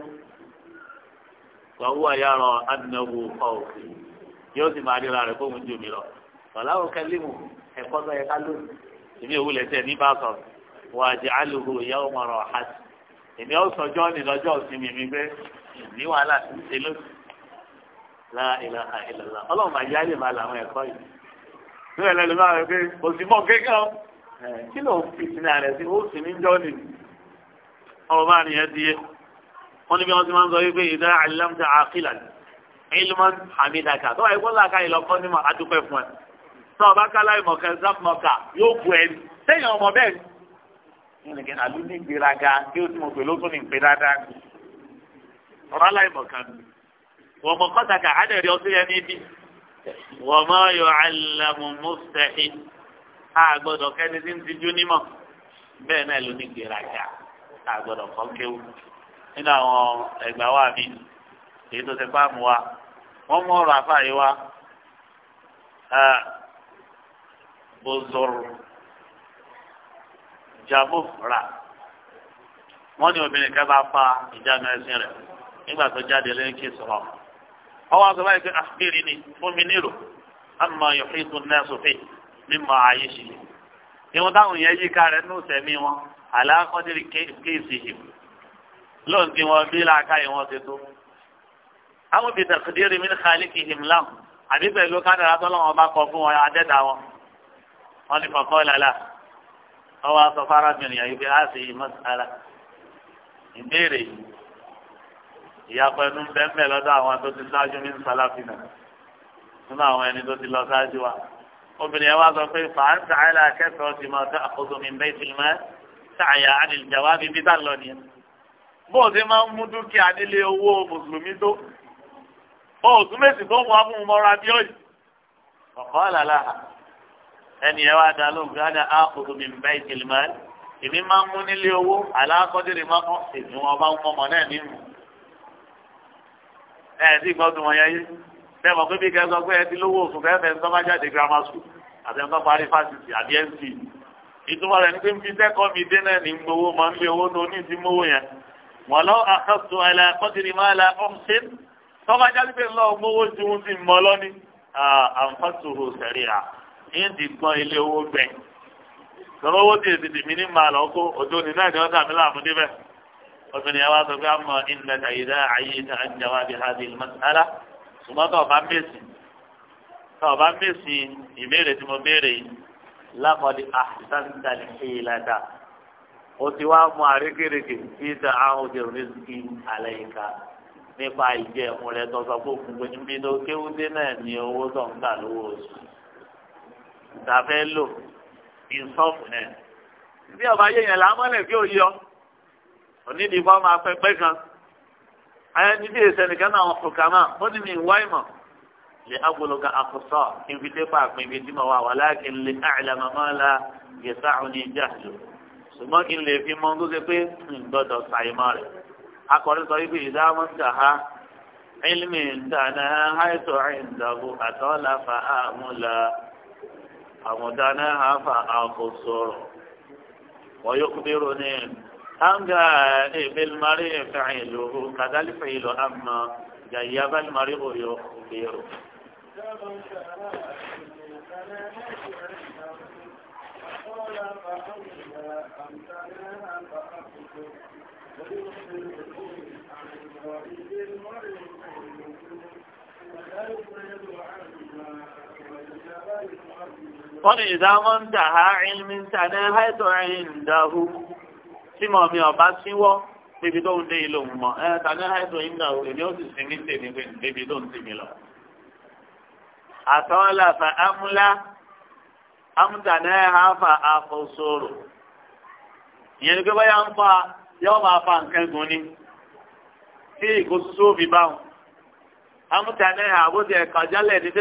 wàhùwà yà adìnàwó ọ̀sì yóò sì máa ríra rẹ̀ fóun jù mí lọ. bàláwo kẹlímù ẹ̀kọ́ sọ yẹ lónìí. èmi ò tẹ̀ ní bá sọ wà jẹ́ àlùkò ìyá ọmọ rọ̀ èmi ò sọjọ́ ní mi níbẹ̀ lẹ́nu máa rẹ̀ pé kò sí mọ́ kékan kí ló ń fi sinmi àrẹ̀ sí ó sì ní jọ́ọ̀nì ọ̀rọ̀ bá nìyẹn ti yé wọ́n ní bí wọ́n ti máa ń sọ wípé ìdá àlìlámùtà àkìlà ilman hamidaka tó àyíkó làkà ìlọ́kọ́ nímọ̀ adúpẹ́ fún ẹ tó ọba kálá ìmọ̀kẹ́ sáfùmọ̀kà yóò bu ẹni sẹ́yìn ọmọ bẹ́ẹ̀ ni nìkan àlú ní ìgbéraga kí ó ti mọ̀ pé lóṣù ní ìpè dáadáa ọ̀rọ̀ aláìmọ̀kà ni wọ́n mọ̀ kọ́sàkà á dẹ̀ rí ọtí yẹn níbí wọ́n mọ́ yọ alẹ́mu mùsẹ̀hì á gbọ́dọ̀ kẹ́ni tí ń ti jú nímọ̀ bẹ́ẹ̀ náà ló ní gbèrágà á gbọ́dọ̀ kọ́ kéwù nínú àwọn ẹgbà wa mi èyí tó ti bá mu wa wọ́n mú ọ̀rọ̀ àfààyè wa bozoro jamufra wọ́n ní obìnrin kan bá fa ìjánu ẹ̀sìn rẹ̀ nígbà tó jáde lẹ́yìn kí sọ̀rọ̀ ọwọ́ àgbà báyìí pé àfihàn ni fún mi nílò àmọ́ yòókì tún náà sófin mímọ ayé ṣe ìwọ̀n táwọn yẹn yíká rẹ̀ ní ìsẹ̀mí wọn àlàkọ́dìrì kéèsì yìí lóun tí wọn bí làákà yìí wọn ti tó. àwọn bìtà kìdírì mi ní kàlíkì himlam àbí pẹ̀lú kádàrá tọ́lọ́wọ́n bá kọ fún wọn adẹ́dà wọn wọn ni kọ̀kọ́ lálá ọwọ́ aṣọ fárabìnrin yìí pé a sì yí mọ́sálà ìbéèrè yìí ìyapa ẹnu ń bẹ́ẹ̀ lọ́dọ̀ àwọn tó ti ṣáájú ní sàlàfínà nínú àwọn ẹni tó ti lọ ṣáájú wa obìnrin yẹn wá sọ pé fàáńtà àìlà akẹ́kọ̀ọ́ ti máa tẹ àkóso mi bẹ́ẹ̀ ti máa ṣàyà àdìjàwá bíi bí táà lọ nìyẹn bó o ti máa ń mú dúkìá nílé owó mùsùlùmí tó bó o tún méjì tó wà fún un mọ́ra bí ọ̀yì ọ̀kọ́ àlàlà ẹni yẹn wá dá àkóso mi bẹ́ẹ̀ ti máa èmi máa ń mú nílé owó àlàkọ́dé ẹ sì gbọ́ tó wọn yẹn yé bẹ́ẹ̀ mọ̀ pé bí kẹ́kọ̀ọ́ pé ẹ ti lówó oṣù fẹ́fẹ́ ń tọ́ba jáde grammar school àti ẹ̀ ń tọ́pa fásitì àbí nc ìtumọ̀ rẹ̀ ni pé nbí sẹ́kọ̀ mi dé náà ní gbowó máa ń gbé owó tó ní ti mówó yẹn wọ́n lọ àkàtò àìlà kọ́tìrì máa la ọ̀hún tọ́ba jáde pé ńlọ gbowó ju ohun ti mọ́ lọ́ni àǹfààtò sẹ̀rí à ní ti gbọ́ ilé ọ̀sùnì àwọn àtọ̀gbẹ́ àmọ́ ilẹ̀ kàyídá ayé ta àjàwá bí ha di mọ́sálá ṣùgbọ́n tó ọba mẹ́sì tó ọba mẹ́sì ìbéèrè tí mo béèrè yìí lákọ̀ọ́dí àṣìṣàǹtàlì ìlàdà ó ti wá mú àrékèrèkè tí ta àwọn òde rìsíkì àlẹ́ yìí ká nípa ìjẹ́ ẹ̀kún rẹ̀ tó sọ òkun pé níbi tó kéwúdé náà ní owó tó ń gbà lówó oṣù ìtafẹ́ lò ìsọ́fù náà bí ọba yẹ̀yẹ̀ onídìí fún ọmọ afẹ́pẹ́ kan ayé níbi ìsẹ̀nìkan náà wọn kò kà máa ó ní ní ìwá ìmọ̀ lè agbologa àkùsọ̀ ibi tí pa àpín ibi tí mo wà wà láàkì lè àìlà màmá la yẹsà òní ìjà jù ṣùgbọ́n kí n lè fi mọ́ gbogbo pé n gbọ́dọ̀ ṣàìmọ́ rẹ̀ akọrin sọ wípé ìdáhùn ń ha ilmi ìdáná àìsàn àìsàn àtọ́lá fa àmúlá àmúdáná àfa àkóso wọ́n yóò kúbírò ní anga ebil mari fa'ilu kadal fa'ilu amma jayyabal mari yo biru wọ́n ni ìdámọ́ ń dà ha ilmi ń tàdé haìtò ẹ̀yìn ìdáhù tí mi ọ̀bá síwọ́ débi tó ń dé ilé òun mọ̀ ẹ tàbí àìsàn yìí náà èmi ó sì sin tèmi pé débi tó ń tèmi lọ. àtọ́lá ha fa ìyẹn ni pé báyà ń fa máa fa nǹkan gùn ni tí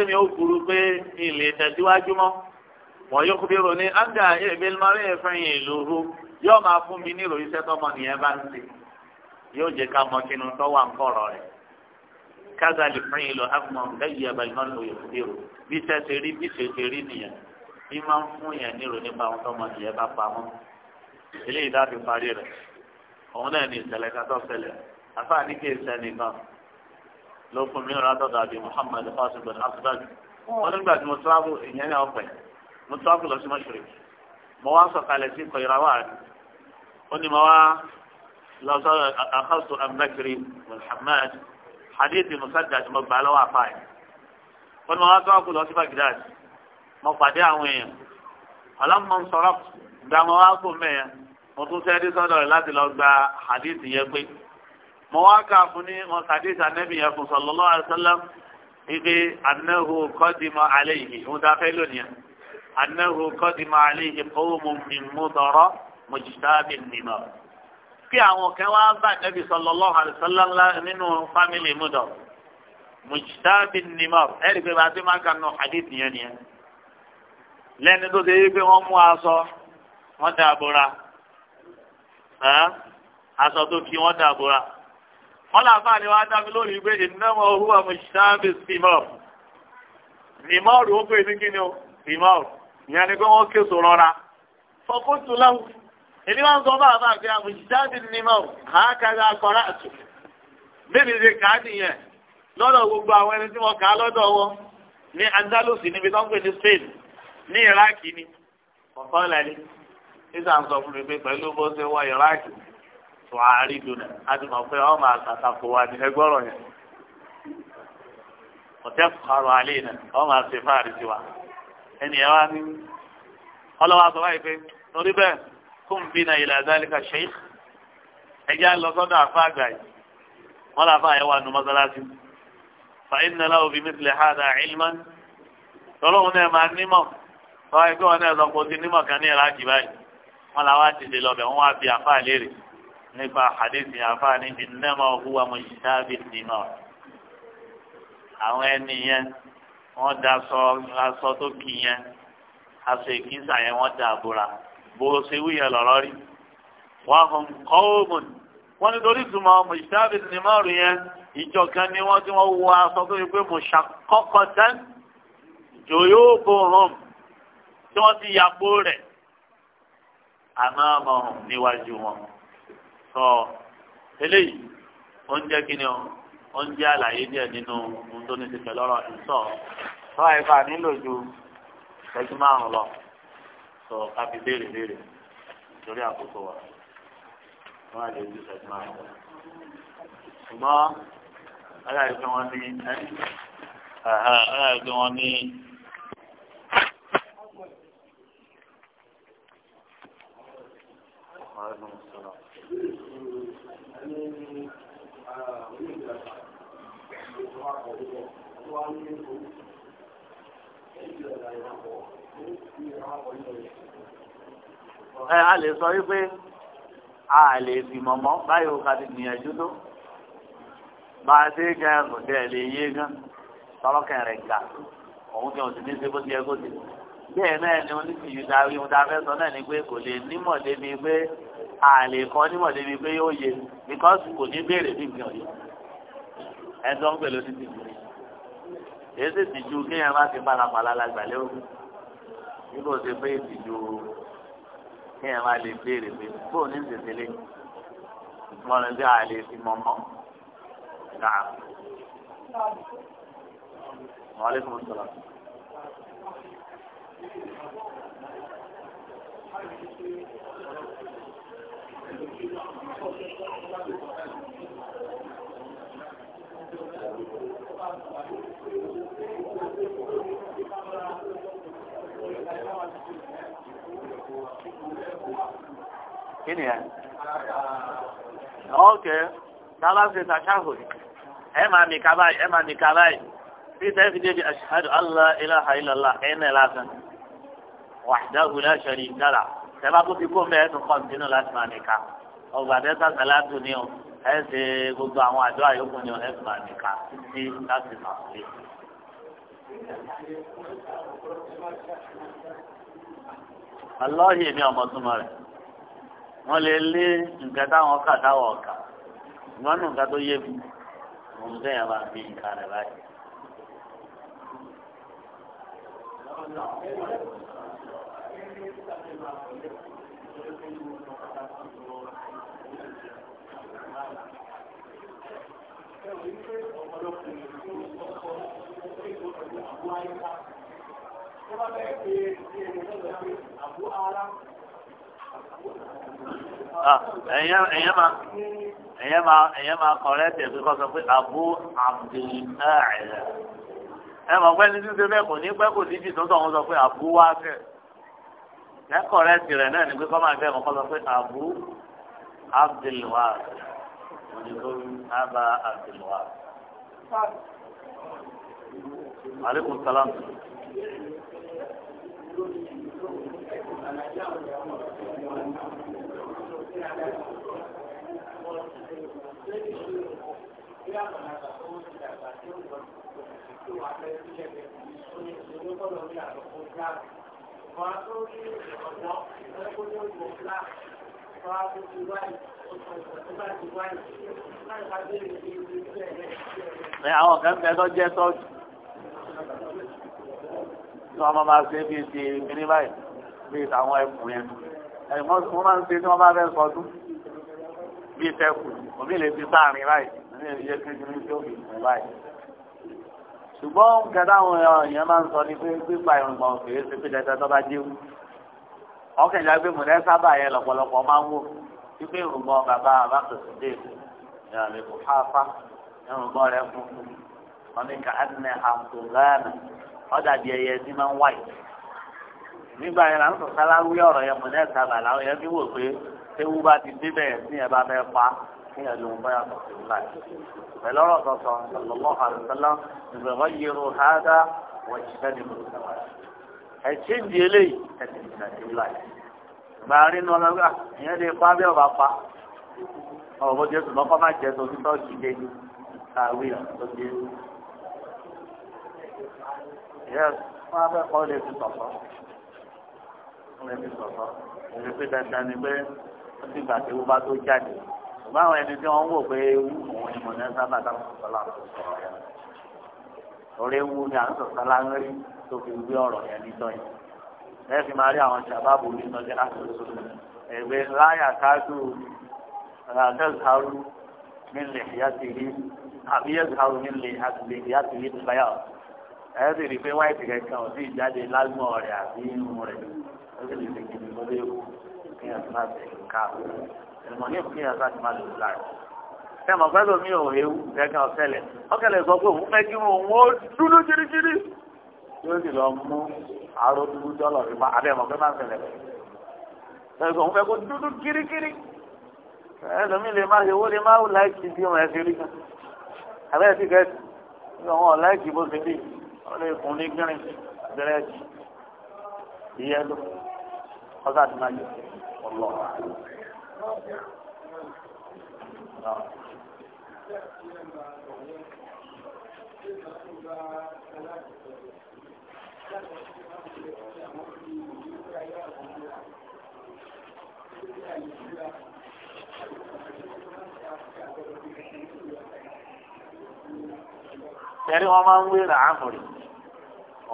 ní ó kúrú pé tẹ̀síwájú mọ́ wọ́n yóò bí yóò máa fún mi ní ìròyìn iṣẹ́ tọ́mọ nìyẹn bá ń ṣe yóò jẹ́ ká mọ kínú tọ́wà ń kọ̀rọ̀ rẹ̀ kázàlì fún ìlọ àgbọn lẹ́yìn abalimọ́lì òye fúdérò bí iṣẹ́ ṣe rí bí iṣẹ́ ṣe rí nìyẹn bí máa ń fún yẹn ní ìròyìn nípa àwọn tọ́mọ nìyẹn bá pamọ́ eléyìí dábì parí rẹ̀ òun náà ní ìṣẹ̀lẹ̀ kan tó ṣẹlẹ̀ àfáà ní kí ìṣẹ́ nìkan ló fún mi rà tọ́ta àbí Muhammad fasin bin wọ́n nígbà tí mo tíráfù ìyẹn ní ọ̀pẹ̀ mo tíráfù lọ sí mọ́ṣúrì mo wá sọ̀kalẹ̀ sí kọ̀yìràwá rẹ̀ ó ní mo wá lọ sọ àkàtù abubakar muhammad hadith musaddad mo gbà lọ́wọ́ àfa yìí ó ní mo wá tọ́wọ́ kú lọ sí baghdad mo pàdé àwọn èèyàn ọlọ́mọ sọ̀rọ̀ gba mo wá kó mẹ́yà mo tún fẹ́ dé sọ́dọ̀ rẹ̀ láti lọ gba hadith yẹn pé mo wá kà fún ní mo hadith anabi yẹn fún sallallahu alaihi wasallam ibi anahu kọ́dìmọ̀ alẹ́ yìí òun ta fẹ́ lónìí yẹn. أنه قدم عليه قوم من مضر مجتاب النمار في àwọn kan wá bá nàbì sallallahu alaihi wasallam nínú fámìlì mudar mujtabi nimar ẹ̀rí pé bàtí máa kà nù hadith yẹn nìyẹn lẹ́ni tó ṣe yí pé wọ́n mú aṣọ wọ́n dà bora aṣọ tó kí wọ́n dà bora wọ́n làbá ni wọ́n á dábí lórí pé innama huwa mujtabi nimar nimar ó pè ní kíni o nimar. ìyẹn ni pé wọ́n ké so rọra fọkútù láwù èmi máa sọ bá àbá àti àmùjíjáde ní àákàrà akọ̀rọ̀ àtù bébí ṣe kà á lọ́dọ̀ gbogbo àwọn ẹni tí wọ́n kà á lọ́dọ̀ Spain ní Iraq ni ń sọ fún mi pé pẹ̀lú bó ṣe wọ tó a ti mọ̀ pé ní ẹgbọ́rọ̀ yẹn ẹni ẹ wá ní ọlọ́wọ́ àtọ́wá yìí pé torí bẹ́ẹ̀ kún bí na ilẹ̀ àdáríkà sheikh ẹjẹ́ lọ sọ́dọ̀ àfa àgbà yìí wọ́n lọ àfa àyẹ̀wò ànú mọ́sálásí fa iná láwọn òbí mísìlẹ̀ ha dà ilman tọ́lọ́hún náà máa nímọ̀ tọ́wá yìí pé wọ́n náà sọ pé ó ti nímọ̀ kan ní ìrákì báyìí wọ́n lọ wá dìde lọ́bẹ̀ wọ́n wá bí àfa àlérè nípa àdéhùn àfa ní ìnáwó òhùwà mọ̀ ìṣáàbì nímọ̀ àwọn ẹni yẹn wọ́n da aṣọ aṣọ tó kì í yẹn aṣọ ìkísà yẹn wọ́n da àbúrà bó o ṣe wúyẹ lọ́rọ́ rí wọ́n fún kọ́ọ̀mù wọ́n ní torí ìtumọ̀ mùsítàbí ní márùn yẹn ìjọ kan ni wọ́n tí wọ́n wọ aṣọ tó yẹ pé mùsàkọ́kọ́ tán jòyó bò hàn tí wọ́n ti yàgbó rẹ̀ àmọ́ níwájú wọn sọ eléyìí ó ń ni ọ ó ń jẹ́ àlàyé díẹ̀ nínú ohun tó ní ti pẹ̀lú ọ̀rọ̀ ìsọ̀ tọ́wọ́ ẹ̀fà nílò ju ìṣẹ́jú márùn-ún lọ sọ ká fi béèrè béèrè nítorí àkókò wa wọ́n á lè ju ìṣẹ́jú márùn-ún lọ. ṣùgbọ́n aláì pé ní aláì pé ní. Thank you. ẹ a lè sọ wípé a lè fi mọ̀mọ́ báyìí o kàti gbìyànjú tó bá a ṣe gan ẹ̀kọ́ dẹ̀ lè yé gan tọ́lọ́kẹ̀ rẹ̀ gà òun kẹ́ òsì ní ṣe bó ti yẹ kó ti bẹ́ẹ̀ náà ni oníṣìyí darí ohun tá a fẹ́ sọ náà ni pé kò lè nímọ̀ débi pé a lè kọ́ nímọ̀ débi pé yóò yé because kò ní béèrè bí nǹkan yìí ẹ̀ tó ń pè lóṣìṣẹ́ èyí sì tìjú kéèyàn má ti bára pàlà lágbà lérò nígbà tó ṣe pé ìtìjú kéèyàn má lè béèrè pé bóun ní ìṣẹ̀ṣẹ̀ lé ìtumọ̀ràn bí a lè fi mọ́mọ́ náà. Thank you. kí ni ẹ ọkẹ tábà ṣe tàṣàhò ẹ máa mi kaba ẹ máa mi kaba yìí bí sẹ́yìn fi débi ashhadu allah ilaha illallah ẹ̀ náà lásán wahdahu la sharika lah tẹ́lá tó ti kó mẹ́ ẹ̀ tún kọ́ńtínú láti máa nìka ọgbà tẹ́sán sàlátù ni o ẹ ṣe gbogbo àwọn àjọ àyókù ni o ẹ máa nìka títí láti máa fi aláhì èmi ọmọ súnmọ́ rẹ̀ wọ́n lè lé nǹkan táwọn kà táwọn ọ̀kà wọ́n nù nǹkan tó yé mi mo ń tẹ̀yàn bá fi nǹkan rẹ̀ báyìí. Thank you. Ah, ẹ̀yẹ́ máa ẹ̀yẹ́ máa kọ̀rẹ́ kọ́ sọ pé Abu Abdul-A'la ẹ mọ̀ pé ní títí bẹ́ẹ̀ ní pẹ́ kò ní jìtọ́ sọ̀rọ̀ sọ pé Abu Wafẹ́ ẹ kọ̀rẹ́ tì rẹ̀ náà ní pé kọ́ máa bẹ́ẹ̀ kọ́ sọ pé Abu Abdul-Wafẹ́ òyìnbó Aba Abdul-Wafẹ́. Wọ́n á ń bẹ tó jẹ́ sọ́ọ̀tù tí wọ́n máa ṣe bíi ti kíní báyìí bíi tàwọn ẹkùn yẹn wọ́n máa ń ṣe tí wọ́n bá fẹ́ sọdún bíi tẹ́kù òmí lè fi sáàrin báyìí òmí lè yẹ kékeré tí ó fi kù báyìí. ṣùgbọ́n nǹkan táwọn èèyàn máa ń sọ ni pé pípa ìrùngbọ̀n òkèèrè ṣe pé dandan tó bá jẹ́wù. ọkàn ìjà pé mùdẹ́ sábà yẹn lọ́pọ̀lọpọ̀ máa ń wò pípé ìrùngbọ̀n bàbá àbákòsí dé ìrìnàlè kò fáfá ìrùngbọ̀n rẹ̀ funfun wọn ni kà á dín ọ̀dà bí ẹyẹ tí máa ń wáyé nígbà yẹn la ń sọ sáláwí ọ̀rọ̀ yẹn mọ̀ náà sábà làwọn yẹn fi wò pé ewu bá ti dé bẹ́ẹ̀ tí yẹn bá fẹ́ pa kí yẹn lòun bá yàtọ̀ sí ìlà pẹ̀lú ọ̀rọ̀ sọ̀sọ̀ lọ́mọ àlùfẹ́lá ìgbẹ̀rọ yẹrù hádà wọ́n ti fẹ́ nínú ìgbà ẹ̀ ṣé ń di eléyìí ẹ̀ ti ìgbà sí ìlà ìgbà rí nu ọlọ́gbà ah, ìyẹn lè pa bí ọba pa ọ̀rọ̀ bó jẹ́ ṣùgbọ́n kọ́ má jẹ́ tó ti tọ́jú ilé yẹn jáde ṣùgbọ́n àwọn ẹni tí wọ́n wò pé ewu òun ni mọ̀nà sábà tá sọ̀tọ̀lá sọ̀rọ̀ yẹn lórí ewu ni à ń sọ̀tọ̀lá ń tó fi wí ọ̀rọ̀ yẹn nítọ́ yìí lẹ́yìn fi máa rí àwọn ṣàbábò nínú ọjọ́ láti ọ̀ṣọ́ ẹ̀gbẹ́ láyà kájú ràdẹ́sàrú nílẹ̀ ìyá ti rí àbí yẹ́sàrú nílẹ̀ àtìlẹ̀ ìyá ti ẹ sì rí i pé wáìtì kẹkẹ ọ̀sìn ìjáde lágbọ̀n rẹ̀ àbí inú rẹ̀ ó sì lè tẹ̀kì ní lóde ìwò kí ẹ̀ máa tẹ̀ ká ẹ̀mọ̀ ní ìpínlẹ̀ sáà ti máa lò ó láàrin. ṣé mo fẹ́ lómi ò ewu kẹkẹ ọ̀sẹ̀lẹ̀ ọ̀kẹ́lẹ̀ sọ pé òun fẹ́jú òun ó dúró kirikiri yóò sì lọ mú àrò dúdú dọ́lọ̀ rí pa abẹ́ mọ̀ pé máa ń ṣẹlẹ̀ òun fẹ́ kó dúdú kirikiri ẹlòmí kan àbẹ́ẹ̀ sì kẹ́sì ní àwọn ọ̀láìkì wọ́n lè fún ní gbẹ̀rìn dẹ́rẹ́sì ìyẹn ló ọ̀sán àti máa yẹ ọ̀lọ́. Tẹ̀rí wọn máa ń wé rà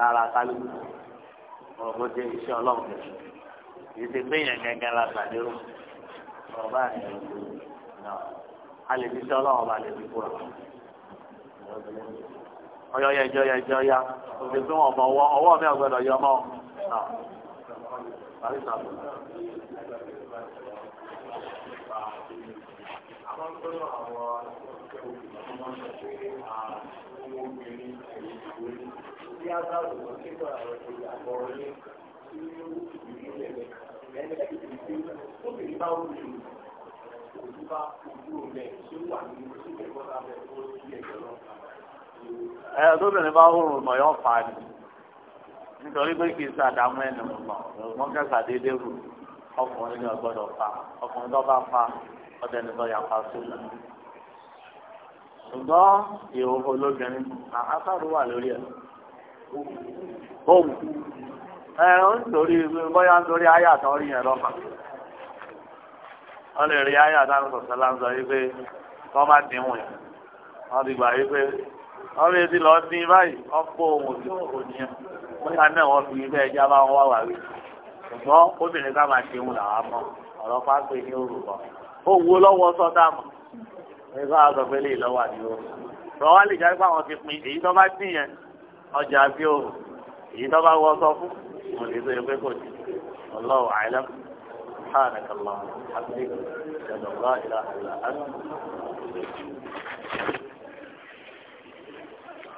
sára kálukú ọ̀rọ̀ bó ṣe ọlọ́run kẹ̀kẹ́ kì í gẹ́gẹ́ la gbàdérò ọ̀rọ̀ bá yẹn náà a lè fi iṣẹ́ ọlọ́run ọba lè fi kúrò ọyọ yẹjọ yẹjọ ya òṣè fún ọmọ ọwọ́ ọwọ́ mi ọgbọ́dọ̀ yọ ọmọ náà. Àwọn tó ń lọ àwọn ọmọ obìnrin tí a bá wò ó kíkọ́ àwọn ìyàbọ̀ ọlé tí ó wù ní ẹni tí kìí fi obìnrin bá wù ní òjú bá ojú rẹ̀ tí ó wà ní ojú rẹ̀ kọ́ta tó ti ẹ̀jẹ̀ lọ. ẹ tóbìnrin bá hùrù mọ̀ yọ̀ fà á ni nítorí pé kìí sàdámú ẹnu mọ̀ wọ́n kẹsà déédéé rù ọkùnrin ní ọgbọ́dọ̀ fa ọkùnrin tó bá fa ọdẹni tó yàfa sólà ṣùgbọ́n ìhòòhò lóbìnrin àkásàrò wà lórí ẹ̀ ohun ẹ ń torí bóyá ń torí ayé àtọ́rí yẹn lọ́pàá wọ́n lè rí ayé àtàrí sọ̀tẹ́ láńsọ yìí pé wọ́n bá dín wọ̀nyí wọ́n ti gbà yìí pé wọ́n lè ti lọ dín báyìí wọ́n kó ohun tí kò ní ẹ̀ bóyá náà wọ́n fi ilé ẹja bá wọn wá wà rí ṣùgbọ́n obìnrin ká máa ṣeun làwọn mọ̀ ọ̀rọ̀ pápẹ́ ní orúkọ ó lọ́wọ́ sọ́dá mọ̀ nígbà wọn sọ pé lè lọ́wọ́ àdìrò rọ̀ ti pin èyí tó bá dín yẹn ọjà bí o èyí tó bá wọ sọ fún mo lè tó yẹ pé kò sí ọlọ́wọ́ àìlẹ́m سبحانك اللهم وبحمدك اشهد ان